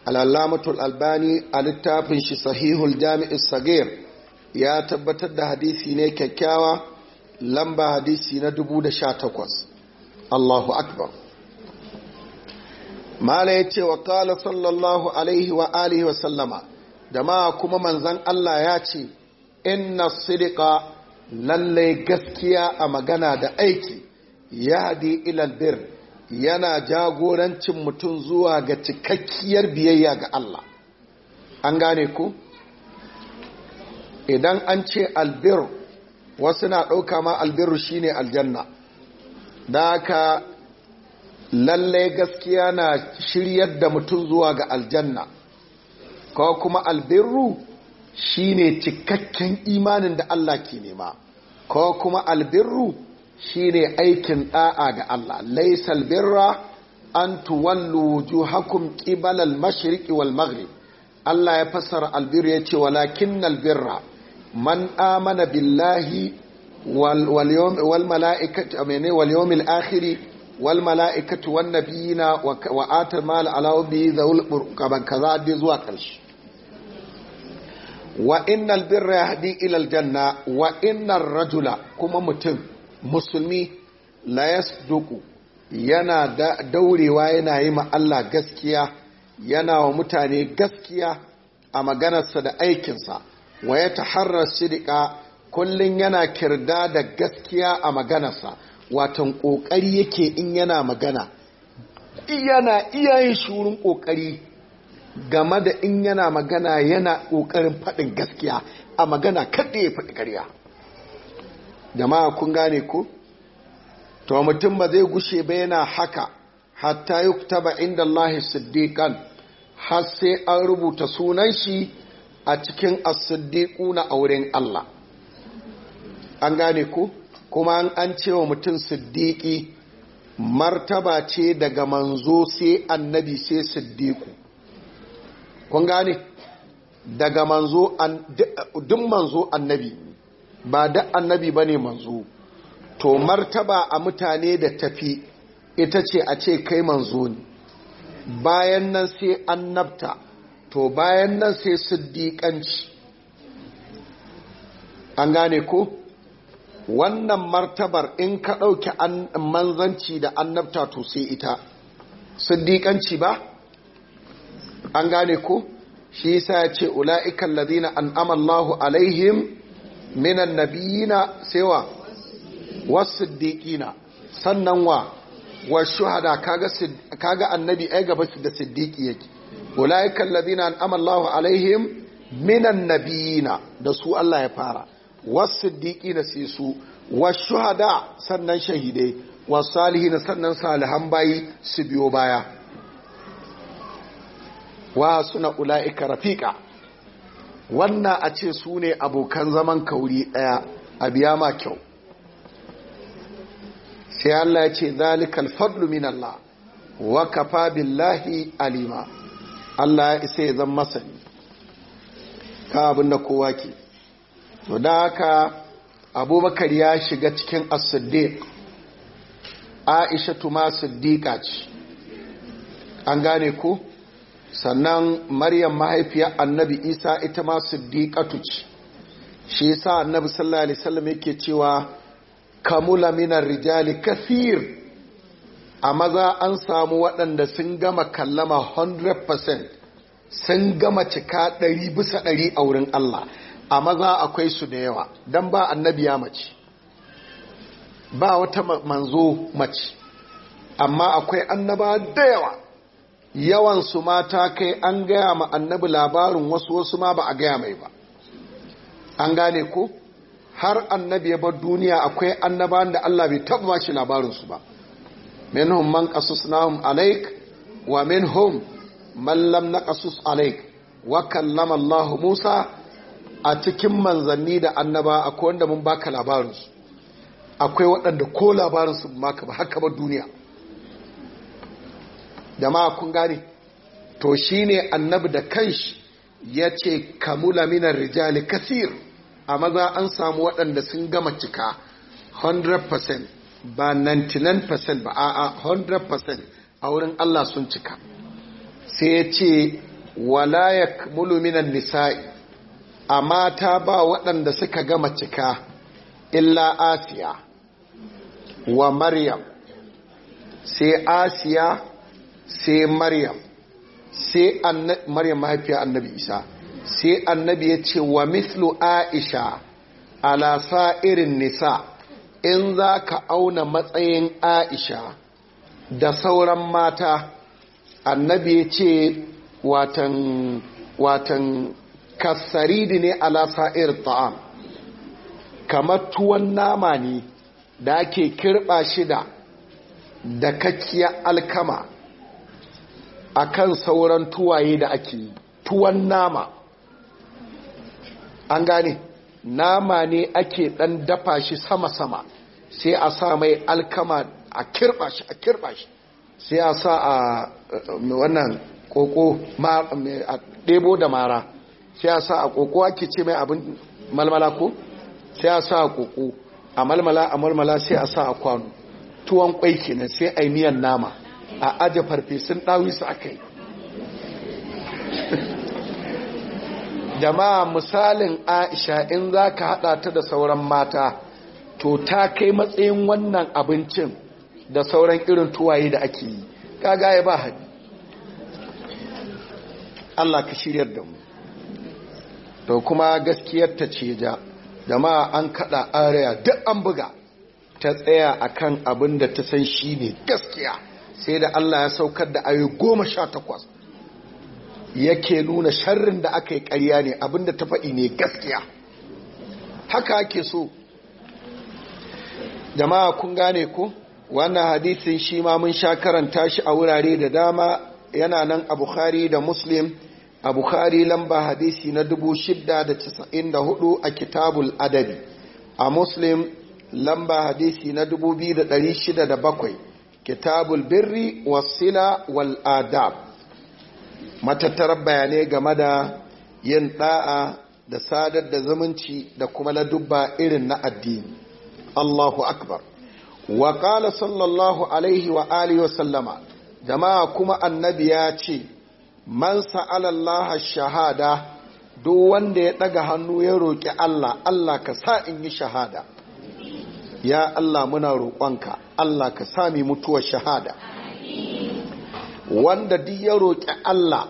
al'allamatul albani a littafin shi sahihul jami'is sagir ya tabbatar da hadisi ne kyakkyawa lamba hadisi na 2018 allahu akbar mala ya ce wa kala sallallahu alaihi wa alihi wa sallama da kuma manzan Allah ya ce inna sidika lallai gaskiya a magana da aiki ya haɗe ilalbir yana jagorancin mutum zuwa ga cikakkiyar biyayya ga Allah an gane ku idan an ce albir wasu na ɗauka ma albiru shine aljanna da aka lallai gaskiya na shiryar da mutum zuwa ga aljanna ko kuma albirru shine cikakken imanin da Allah ke nema ko kuma albirru shine aikin da'a ga Allah Laisal birra an tuwallu wujuhakum qibala al-mashriqi wal maghrib Allah ya fassara albirru yace walakinnal birra man amana billahi wal yawm wal malaikati amene wal mala'ikatu wan nabiyina wa atal mal ala zaul qurban kaza dai zuwa karshe wa innal birra yahdi ila aljanna wa innar rajula kuma mutum musulmi la duku yana da daurewa yana yi ma Allah gaskiya yana wa mutane gaskiya a maganarsa da aikinsa wa ya taharra shidika kullum yana kirda da gaskiya a maganarsa watan ƙoƙari yake in yana magana yana iyayen shurin ƙoƙari game da in yana magana yana ƙoƙarin faɗin gaskiya a magana kaɗai ya faɗi ƙarya jama'a kun gane ko to mutum ba zai gushe ba yana haka hatta yi taba inda Allah siddiƙan har sai an rubuta sunan shi a cikin as na auren Allah an gane ko kuma an ce wa mutum siddiƙi martaba ce daga manzo sai annabi sai siddiƙu kun gane daga manzo duk manzo annabi ba da annabi ba ne manzo to martaba a mutane da tafi ita ce a ce kai manzo ne bayan nan sai annabta to bayan nan sai siddiƙanci an gane ko? wannan martabar in ka ɗauki manzanci da annabta to sai ita siddiƙanci ba an gane ko shi yasa ya ce ula'ikan lazina an amallahu alaihim minan nabiyina sai wa wasu sannan wa wasu hada kaga annabi ai gaba da siddiƙi yake ula'ikan lazina an amallahu alaihim minan nabiyina da su Allah ya fara wasiddiqi na sai su washuhada sannan shahidai wasalihi na sannan salihan bayi su biyo baya wa suna ula'ika rafiqa wannan a ce su ne abokan zaman kauri ɗaya, a biya ma kyau sai Allah ya ce zalikal fadlu min Allah wa kafa billahi alima Allah ya isa ya zan masani ka abin da kowa ke to da haka abubakar ya shiga cikin as-siddiq aisha tuma siddiqa ce an gane ku? sannan maryam mahaifiyar annabi isa ita ma tu ce shi yasa annabi sallallahu alaihi wasallam yake cewa kamula minar rijali kathir a maza an samu waɗanda sun gama kallama 100% sun gama cika ɗari bisa ɗari a wurin Allah a maza akwai su da yawa don ba annabiya mace ba wata manzo mace amma akwai annaba da yawa yawan su mata kai an gaya ma annabi labarin wasu wasu ma ba a gaya mai ba an gane ko har annabi ya bar duniya akwai annaba da Allah bai taba ba shi labarinsu ba minhum man qasusnahum alaik wa minhum man lam naqasus alaik wa kallama Allah Musa a cikin manzanni da annaba akwai wanda mun baka labarinsu akwai waɗanda ko labarinsu maka ba haka ba duniya ma kun gane to shi ne annabi da kanshi ya ce kamula minar rijali kasir a maza an samu waɗanda sun gama cika 100% ba 99% ba a 100% a wurin Allah sun cika sai ya ce wala ya kamulu minar nisa'i amma ta ba waɗanda suka gama cika illa asiya wa maryam sai asiya sai maryam sai maryam mahaifiya annabi isa sai annabi ya ce wa mislu aisha ala sa'irin nisa in za ka auna matsayin aisha da sauran mata annabi ya ce watan kasaridi ne ala sa'ir ta'am kamar tuwon nama ne da ake kirɓa shi da dakakkiyar alkama a kan sauran tuwaye da ake yi tuwon nama an gane nama ne ake ɗan dafa shi sama-sama sai a sa mai alkama a kirɓa shi a kirɓa shi sai a sa a eh, wannan koko eh, a ɗebo da mara sai a sa a koko ake ce mai abin malmala ko sai a sa a koko a malmala a malmala sai a sa a kwano tuwon kwai kenan sai a yi miyan nama a aje farfesun ɗawisu aka yi. jama'a misalin aisha in za ka haɗa ta da sauran mata to ta kai matsayin wannan abincin da sauran irin tuwaye da ake yi kaga ya ba haɗi Allah ka shiryar da mu to kuma gaskiyar ta ce ja jama'a an kada area duk an buga ta tsaya a kan abin da ta san shi ne gaskiya sai da Allah ya saukar da ayu goma sha takwas yake nuna sharrin da aka yi karya ne abin da ta faɗi ne gaskiya haka ake so jama'a kun gane ku. wannan hadisin shi ma mun sha karanta shi a wurare da dama yana nan a bukhari da muslim a bukhari lamba hadisi na 694 a kitabul adabi a muslim lamba hadisi na 2607 kitabul birri wasila wal adab matattarar bayanai game da yin da'a da sadar da zumunci da kuma ladubba irin na addini Allahu akbar wa qala sallallahu alaihi wa alihi wa sallama jama'a kuma annabi ya ce man sa'alallaha shahada duk wanda ya ɗaga hannu ya roƙi Allah Allah ka sa in yi shahada ya Allah muna roƙonka Allah ka sami mutuwar shahada wanda duk ya roƙi Allah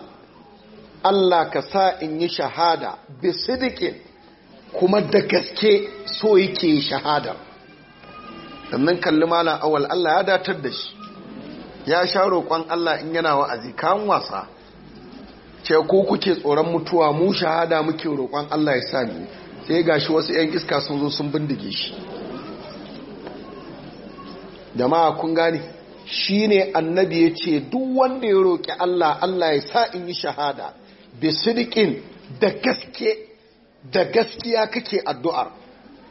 Allah ka sa in yi shahada bisidikin kuma da gaske so yake shahada sannan kalli malam awal Allah ya datar da shi ya sha roƙon Allah in yana wa'azi kan wasa ce ko kuke tsoron mutuwa mu shahada muke roƙon Allah ya sami sai gashi wasu 'yan iska sun zo sun bindige shi jama'a kun gane shine annabi ya ce duk wanda ya roƙi Allah Allah ya sa in yi shahada bisidikin da gaske da gaskiya kake addu'ar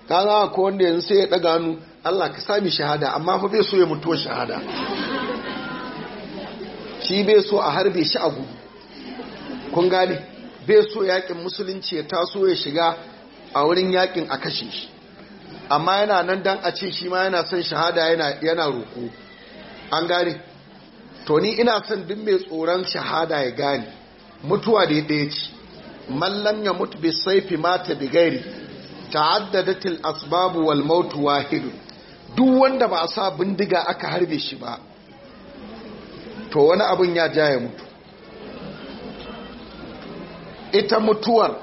kaga ko wanda yanzu sai ya daga hannu Allah ka sami shahada amma fa bai so ya mutuwa shahada shi bai so a harbe shi a gudu kun gane bai so yakin musulunci ya taso ya shiga a wurin yakin a kashe shi amma yana nan dan a ce shi ma yana son shahada yana roƙo an gane to ni ina son duk mai tsoron shahada ya gane mutuwa da ya ɗaya ce mallam ya mutu bi saifi mata bi gairi ta'addadatil asbabu wal mautu wahidu duk wanda ba a sa bindiga aka harbe shi ba to wani abun ya ja ya mutu ita mutuwar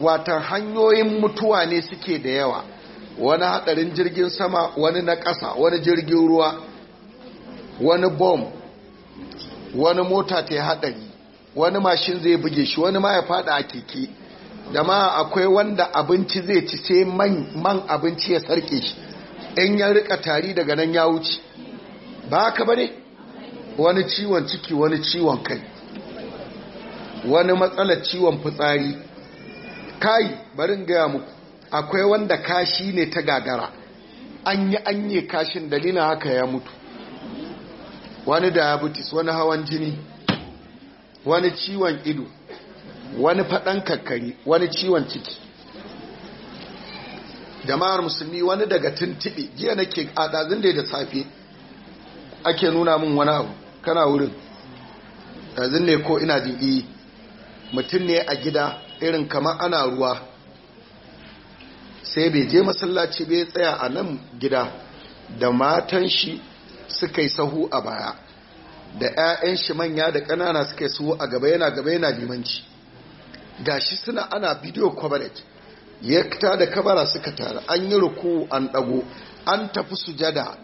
watan hanyoyin mutuwa ne suke da yawa wani hadarin jirgin sama wani na ƙasa wani jirgin ruwa wani bom wani mota ta hadari wani mashin zai buge shi wani ma ya fada a keke da ma akwai wanda abinci zai ci sai man abinci ya sarke shi in ya rika tari daga nan ya wuce ba haka bane wani ciwon ciki wani ciwon kai wani matsalar ciwon fitsari kai barin gaya muku akwai wanda kashi ne ta gagara an yi anye kashin dalilin haka ya mutu wani diabetes wani hawan jini wani ciwon ido wani faɗan kakkari wani ciwon ciki jama'ar musulmi wani daga tuntuɓe jiya nake a ɗazin da da safe ake nuna min wani abu kana wurin ɗazin ne ko ina jin eh, mutum ne a gida irin kama ana ruwa sai bai je masallaci bai tsaya a nan gida da matan shi suka yi sahu a baya da 'ya'yan shi manya da ƙanana suka yi sahu a gaba yana gaba yana limanci shi suna ana bidiyo coverage ya ta da kabara suka tara an yi ruku an ɗago an tafi sujada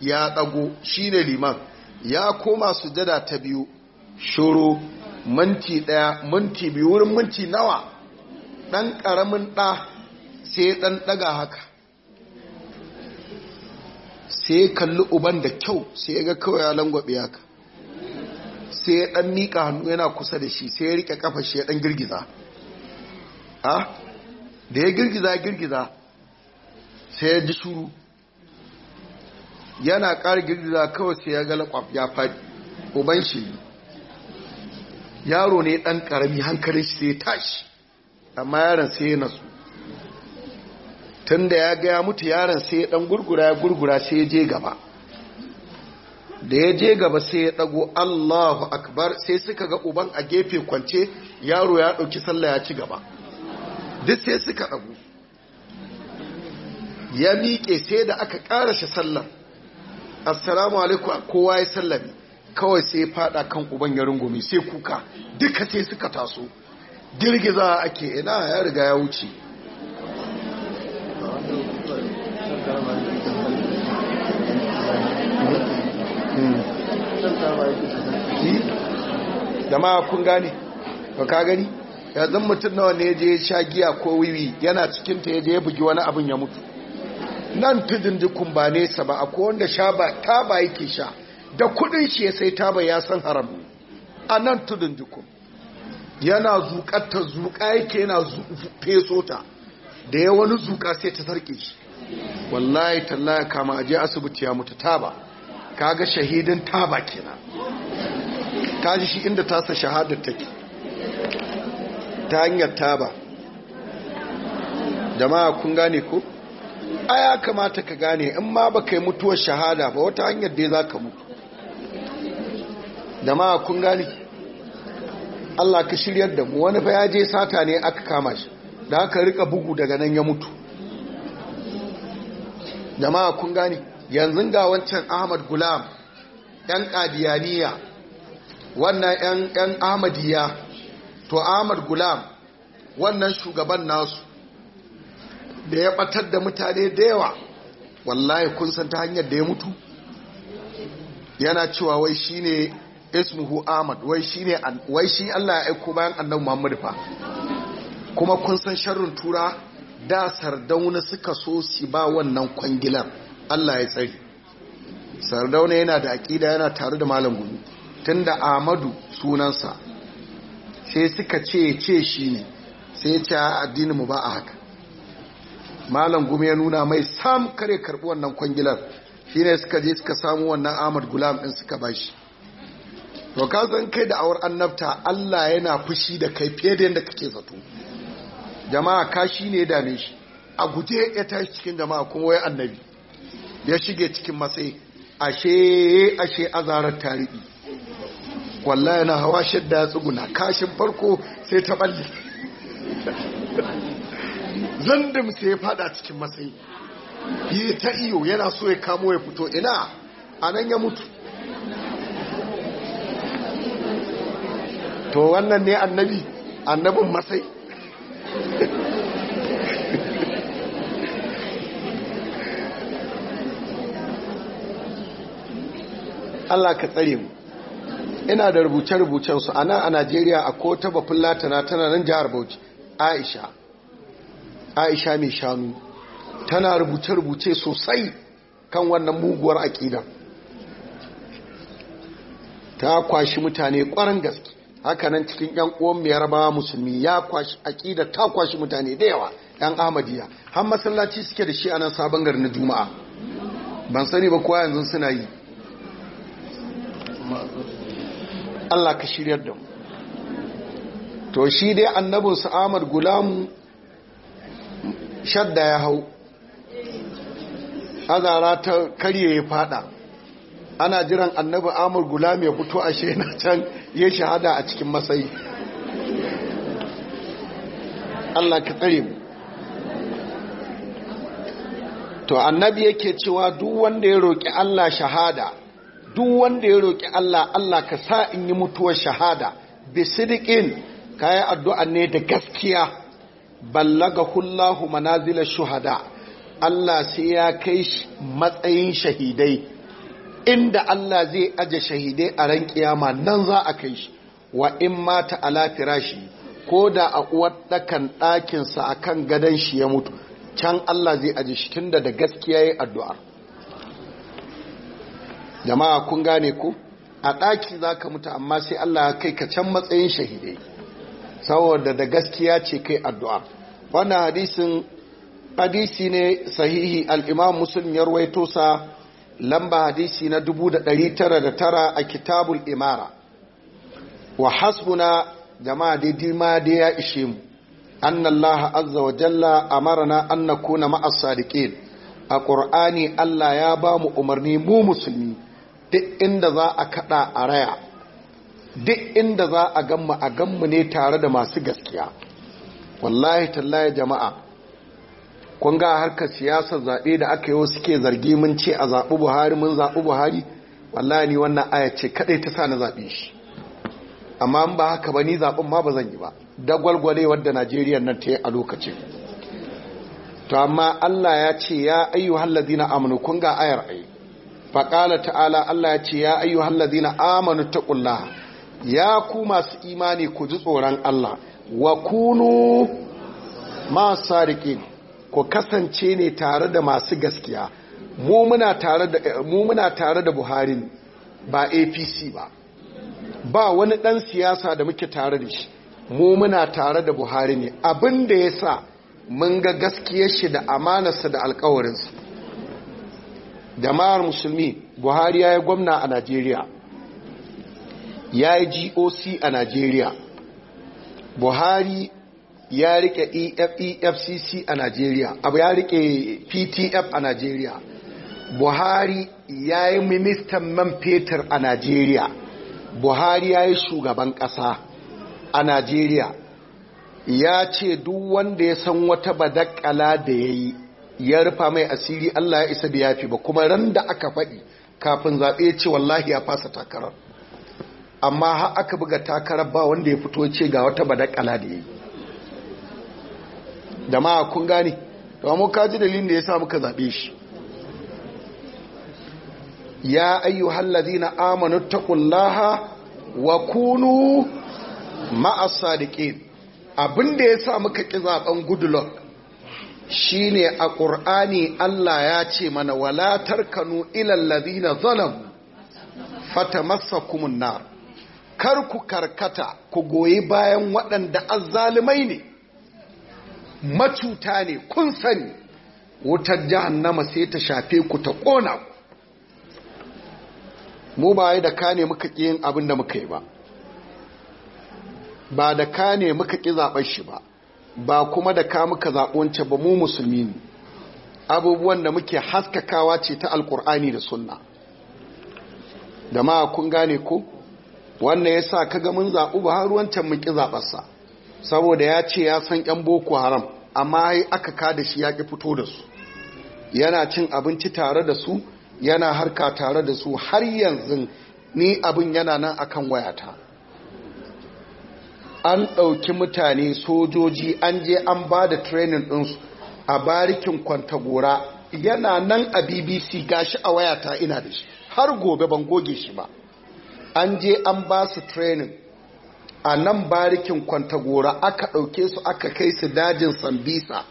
ya ɗago shi shine liman ya koma sujada ta biyu shuru minti daya minti biyu wurin minti nawa dan karamin da sai dan daga haka sai kalli uban da kyau sai ga kawai ya langwabe haka sai ya dan mika hannu yana kusa da shi sai ya rike kafa shi ya dan girgiza a da ya girgiza girgiza sai ya ji shuru yana ƙara girgiza kawai sai ya ga ƙwaf ya faɗi uban shi yaro ne dan karami hankalin shi sai tashi amma yaron sai na su tunda ya ga ya mutu yaron sai dan gurgura ya gurgura sai je gaba da ya je gaba sai ya dago Allahu akbar sai suka ga uban a gefe kwance yaro ya dauki sallah ya ci gaba duk sai suka dago ya miƙe sai da aka ƙara shi sallar assalamu alaikum kowa ya sallami kawai sai fada kan uban ya rungumi sai kuka duka sai suka taso girgiza ake ina ya riga ya wuce dama kun gane ba ka gani yanzu mutum nawa ne je sha giya ko wiwi yana cikin ya je ya bugi wani abin ya mutu nan tudun dukun ba nesa ba akwai wanda sha ba ta ba yake sha da kudin shi ya sai taba ya san haram a nan tudun jikun. yana zukatta zuka yake yana feso ta da ya wani zuka sai ta sarki shi wallahi tallaya kama aje asibiti ya mutu taba kaga shahidin taba kina kaji shi inda tasa shahadar take ta hanyar taba jama'a kun gane ko a ya kamata ka gane in ma ba yi mutuwar shahada ba wata hanyar dai za ka mutu Da ma kun gani Allah ka shiryar da mu wani ya je sata ne aka kama shi da aka rika bugu daga nan ya mutu Da ma kun gani yanzu ga wancan Ahmad Gulam yan kadiyaniya wannan yan yan Ahmadiyya to Ahmad Gulam wannan shugaban nasu da ya batar da mutane da yawa wallahi kun san ta hanyar da ya mutu yana cewa wai shine ismuhu ahmad wai shi ne wai shi Allah ya aiko bayan annabi Muhammad fa kuma kun san sharrin tura da sardauna suka so su ba wannan kwangilar Allah ya tsari sardauna yana da aƙida yana tare da malam gumi tunda Ahmadu sunansa sai suka ce ce shi ne sai ya ce addinin mu ba a haka malam gumi ya nuna mai sam kare karbi wannan kwangilar shine suka je suka samu wannan Ahmad Gulam din suka bashi to ka zan kai da awar annabta Allah yana fushi da kai fiye da yadda kake zato jama'a kashi ne dame shi a guje ya tashi cikin jama'a kuma wai annabi ya shige cikin matsayi ashe ashe azarar tarihi Walla yana hawa shidda ya tsuguna kashin farko sai ta balle zandam sai ya fada cikin matsayi ya ta iyo yana so ya kamo ya fito ina a nan ya mutu to wannan ne annabi annabin masai Allah ka tsare mu ina da rubuce-rubucen su ana a Najeriya a kota bafin latana tana nan jihar Bauchi Aisha Aisha mai shanu tana rubuce-rubuce sosai kan wannan muguwar aƙida ta kwashi mutane ƙwarin gaske hakanan cikin yan uwan mai yarbawa musulmi ya kwashi aƙida ta kwashi mutane da yawa yan ahmadiyya har masallaci suke da shi a nan sabon garin na juma'a ban sani ba kowa yanzu suna yi Allah ka shiryar da to shi dai annabin su Ahmad Gulamu shadda ya hau azara ta karye ya fada ana jiran annabi amur gulam ya fito a shena can ya shahada a cikin matsayi Allah ka tsare mu to annabi yake cewa duk wanda ya roƙi Allah shahada duk wanda ya roki Allah Allah ka sa in yi mutuwar shahada bi sidiqin kayi addu'a ne da gaskiya ballaga hullahu manazila shuhada Allah sai ya kai matsayin shahidai inda Allah zai aje shahidai a ran kiyama nan za a kai shi wa in mata ala firashi ko da a uwar dakan ɗakinsa a kan gadon shi ya mutu can Allah zai aje shi tunda da gaskiya ya addu'a jama'a kun gane ku a ɗaki zaka mutu amma sai Allah ya kai ka can matsayin shahidai saboda da gaskiya ce kai addu'a wannan hadisin hadisi ne sahihi al imam muslim ya rawaito sa lamba hadisi na dubu da da tara tara a kitabul imara wa hasbuna jama'a daidai ma da ya ishe mu annallaha azza wa jalla Amarana, an nakuna ma'as sadiqin a qur'ani Allah ya ba mu umarni mu musulmi duk inda za a kada a raya duk inda za a gamma a gamma ne tare da masu gaskiya wallahi tallahi jama'a kun ga harkar siyasar zaɓe da aka yi suke zargi mun ce a zaɓi buhari mun zaɓi buhari wallahi ni wannan aya ce kaɗai ta sa na zaɓe shi amma ba haka ba ni zaɓin ma ba zan yi ba dagwalgwale wadda najeriya nan ta yi a lokacin to amma allah ya ce ya ayyu hallazina amanu kun ga ayar ai faƙala ta'ala allah ya ce ya ayyu hallazina amanu taqullaha ya ku masu imani ku ji tsoron allah wa kunu ma sadiqin ku kasance ne tare da masu gaskiya mu muna tare da buhari ba apc ba ba wani ɗan siyasa da muke tare da shi mu muna tare da buhari ne abin da ya sa mun ga gaskiyar shi da amanarsa da alkawarinsa jama'ar musulmi buhari ya yi gwamna a najeriya ya yi goc a najeriya buhari ya rike efcc e a najeriya abu ya rike ptf a najeriya buhari ya yi ministan man fetur a najeriya buhari ya yi shugaban ƙasa a najeriya ya ce duk wanda ya san wata badakala da ya yi ya rufa mai asiri allah ya isa da yafi ba kuma ran da aka faɗi kafin zaɓe ya ce wallahi ya fasa takarar amma ha aka buga takarar ba wanda ya fito ce ga wata badakala da ya yi Da ma kun gane to amma ka ji dalilin da yasa muka zabe shi ya ayyuhal ladina amanu taqullaha wa kunu ma'as sadiqin ya sa muka ki zaben goodluck shine a qur'ani Allah ya ce mana wala tarkanu ilal ladina zalam fatamassakumun nar kar ku karkata ku goyi bayan waɗanda azzalimai ne macuta ne kun sani wutar jahannama sai ta shafe ku ta kona ku mu ba da ka ne muka ƙi yin abin da muka yi ba ba da ka ne muka ƙi zaɓar shi ba ba kuma da ka muka zaɓonce ba mu musulmi ne abubuwan da muke haskakawa ce ta Alƙur'ani da sunna da ma kun gane ko wannan ya sa ga mun zaɓu ba har wancan zaɓarsa saboda ya ce ya san yan boko haram amma aka kada shi ya ki fito da su yana cin abinci tare da su yana harka tare da su har yanzu ni abin yana nan akan wayata an ɗauki mutane sojoji an je an ba da training ɗinsu a barikin kwantagora yana nan a bbc gashi a wayata ina da shi har gobe ban goge shi ba an je an ba su training a nan barikin kwantagora aka ɗauke su aka kai su dajin sambisa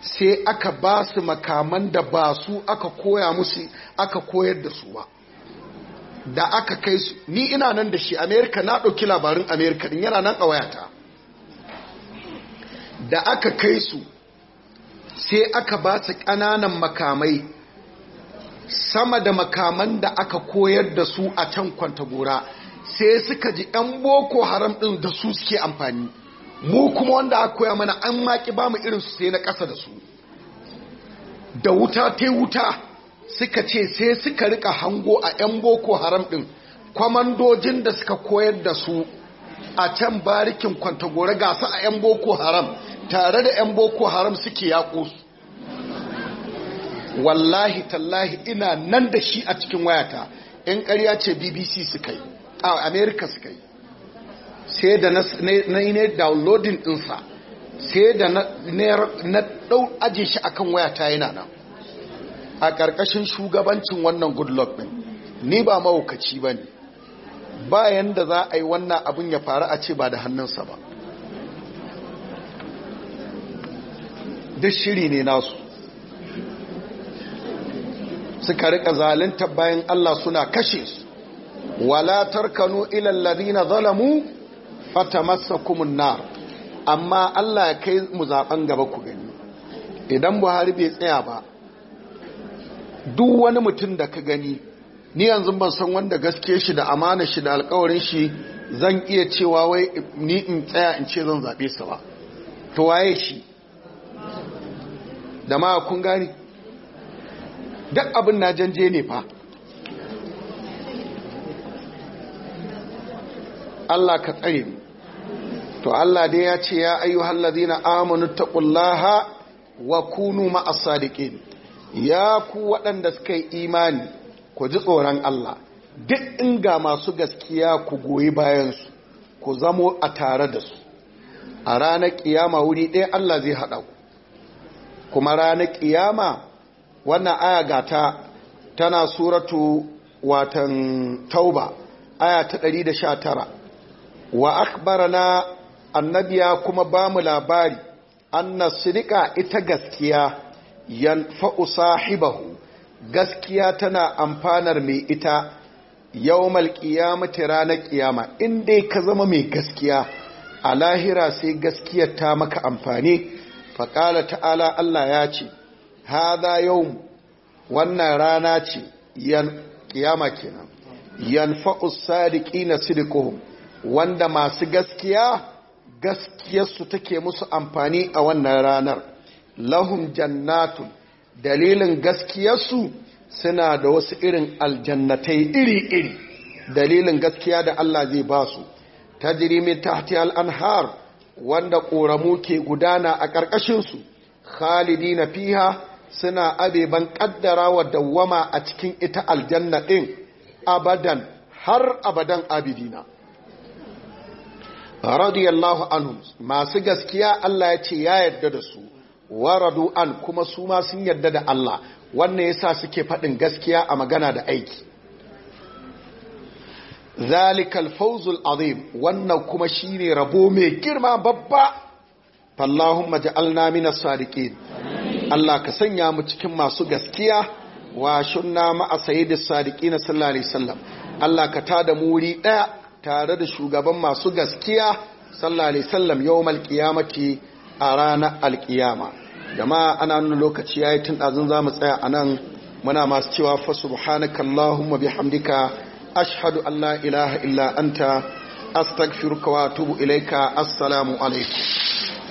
sai aka ba su makaman da ba su aka koya musu aka koyar da su ba da aka kai su ni ina nan da shi amerika na ɗauki labarin amerika din yana nan a wayata da aka kai su sai aka ba su ƙananan makamai sama da makaman da aka koyar da su a can kwantagora sai suka ji 'yan boko haram ɗin da su suke amfani mu kuma wanda aka koya mana an maki ba mu irinsu sai na ƙasa da su da wuta ta wuta suka ce sai suka rika hango a 'yan boko haram ɗin kwamandojin da suka koyar da su a can barikin kwantagore gasa a 'yan boko haram tare da 'yan boko haram suke yaƙo su wallahi tallahi ina nan da shi a cikin wayata 'yan ƙarya ce bbc suka yi a america suka yi sai da na yi ne downloading dinsa sai da na ɗau aji shi kan waya ta yana nan a ƙarƙashin shugabancin wannan goodluck ɗin ni ba mawukaci ba ne bayan da za a yi wannan abin ya faru a ce ba da hannunsa ba duk shiri ne nasu suka rika zalunta bayan allah suna kashe su wala tarkanu ilal ladina zalamu fatamassakumun nar amma Allah ya kai mu zaben gaba ku gani idan Buhari bai tsaya ba duk wani mutum da ka gani ni yanzu ban san wanda gaske shi da amana shi da alƙawarin shi zan iya cewa wai ni in tsaya in ce zan zabe sa ba to waye shi da ma kun gani duk abin na janje ne fa Allah ka tsare mu to Allah dai ya ce ya ayyuhal ladina amanu taqullaha wa kunu ma'as sadiqin ya ku waɗanda suka yi imani ku ji tsoron Allah duk in ga masu gaskiya ku goyi bayan su ku zamo a tare da su a ranar kiyama wuri ɗaya Allah zai haɗa ku kuma ranar kiyama wannan aya gata tana suratu watan tauba aya ta 119 wa akbarana annabi ya kuma ba mu labari anna sidika ita gaskiya yanfa'u sahibahu gaskiya tana amfanar mai ita yawmal qiyamati ranar ƙiyama. in dai ka zama mai gaskiya a lahira sai gaskiyar ta maka amfani faƙala ta'ala Allah ya ce hadha yawm wannan rana ce yan kiyama kenan yanfa'u na sidquhum wanda masu gaskiya gaskiyarsu take musu amfani a wannan ranar lahum jannatun dalilin gaskiyarsu suna da wasu irin aljannatai iri-iri dalilin gaskiya da Allah zai ba su ta jirimin tahti al'anhar wanda ƙoramu ke gudana a ƙarƙashinsu khalidi na fiha suna abeban ƙaddara wa dawwama a cikin ita aljanna ɗin abadan har abadan abidina radiyallahu anhu masu gaskiya Allah ya ce ya yarda da su waradu an kuma su ma sun yarda da Allah wannan yasa suke faɗin gaskiya a magana da aiki zalikal fawzul azim wannan kuma shine rabo mai girma babba fallahumma ja'alna minas sadiqin Allah ka sanya mu cikin masu gaskiya wa shunna ma'a sayyidis sallallahu alaihi wasallam Allah ka tada mu wuri daya tare da shugaban masu gaskiya sallallahu alaihi wasallam yawm a ranar alkiyama jama'a ana nuna lokaci yayi tun dazun zamu tsaya anan muna masu cewa fa allahumma bihamdika ashhadu an la ilaha illa anta astaghfiruka wa atubu ilaika assalamu alaikum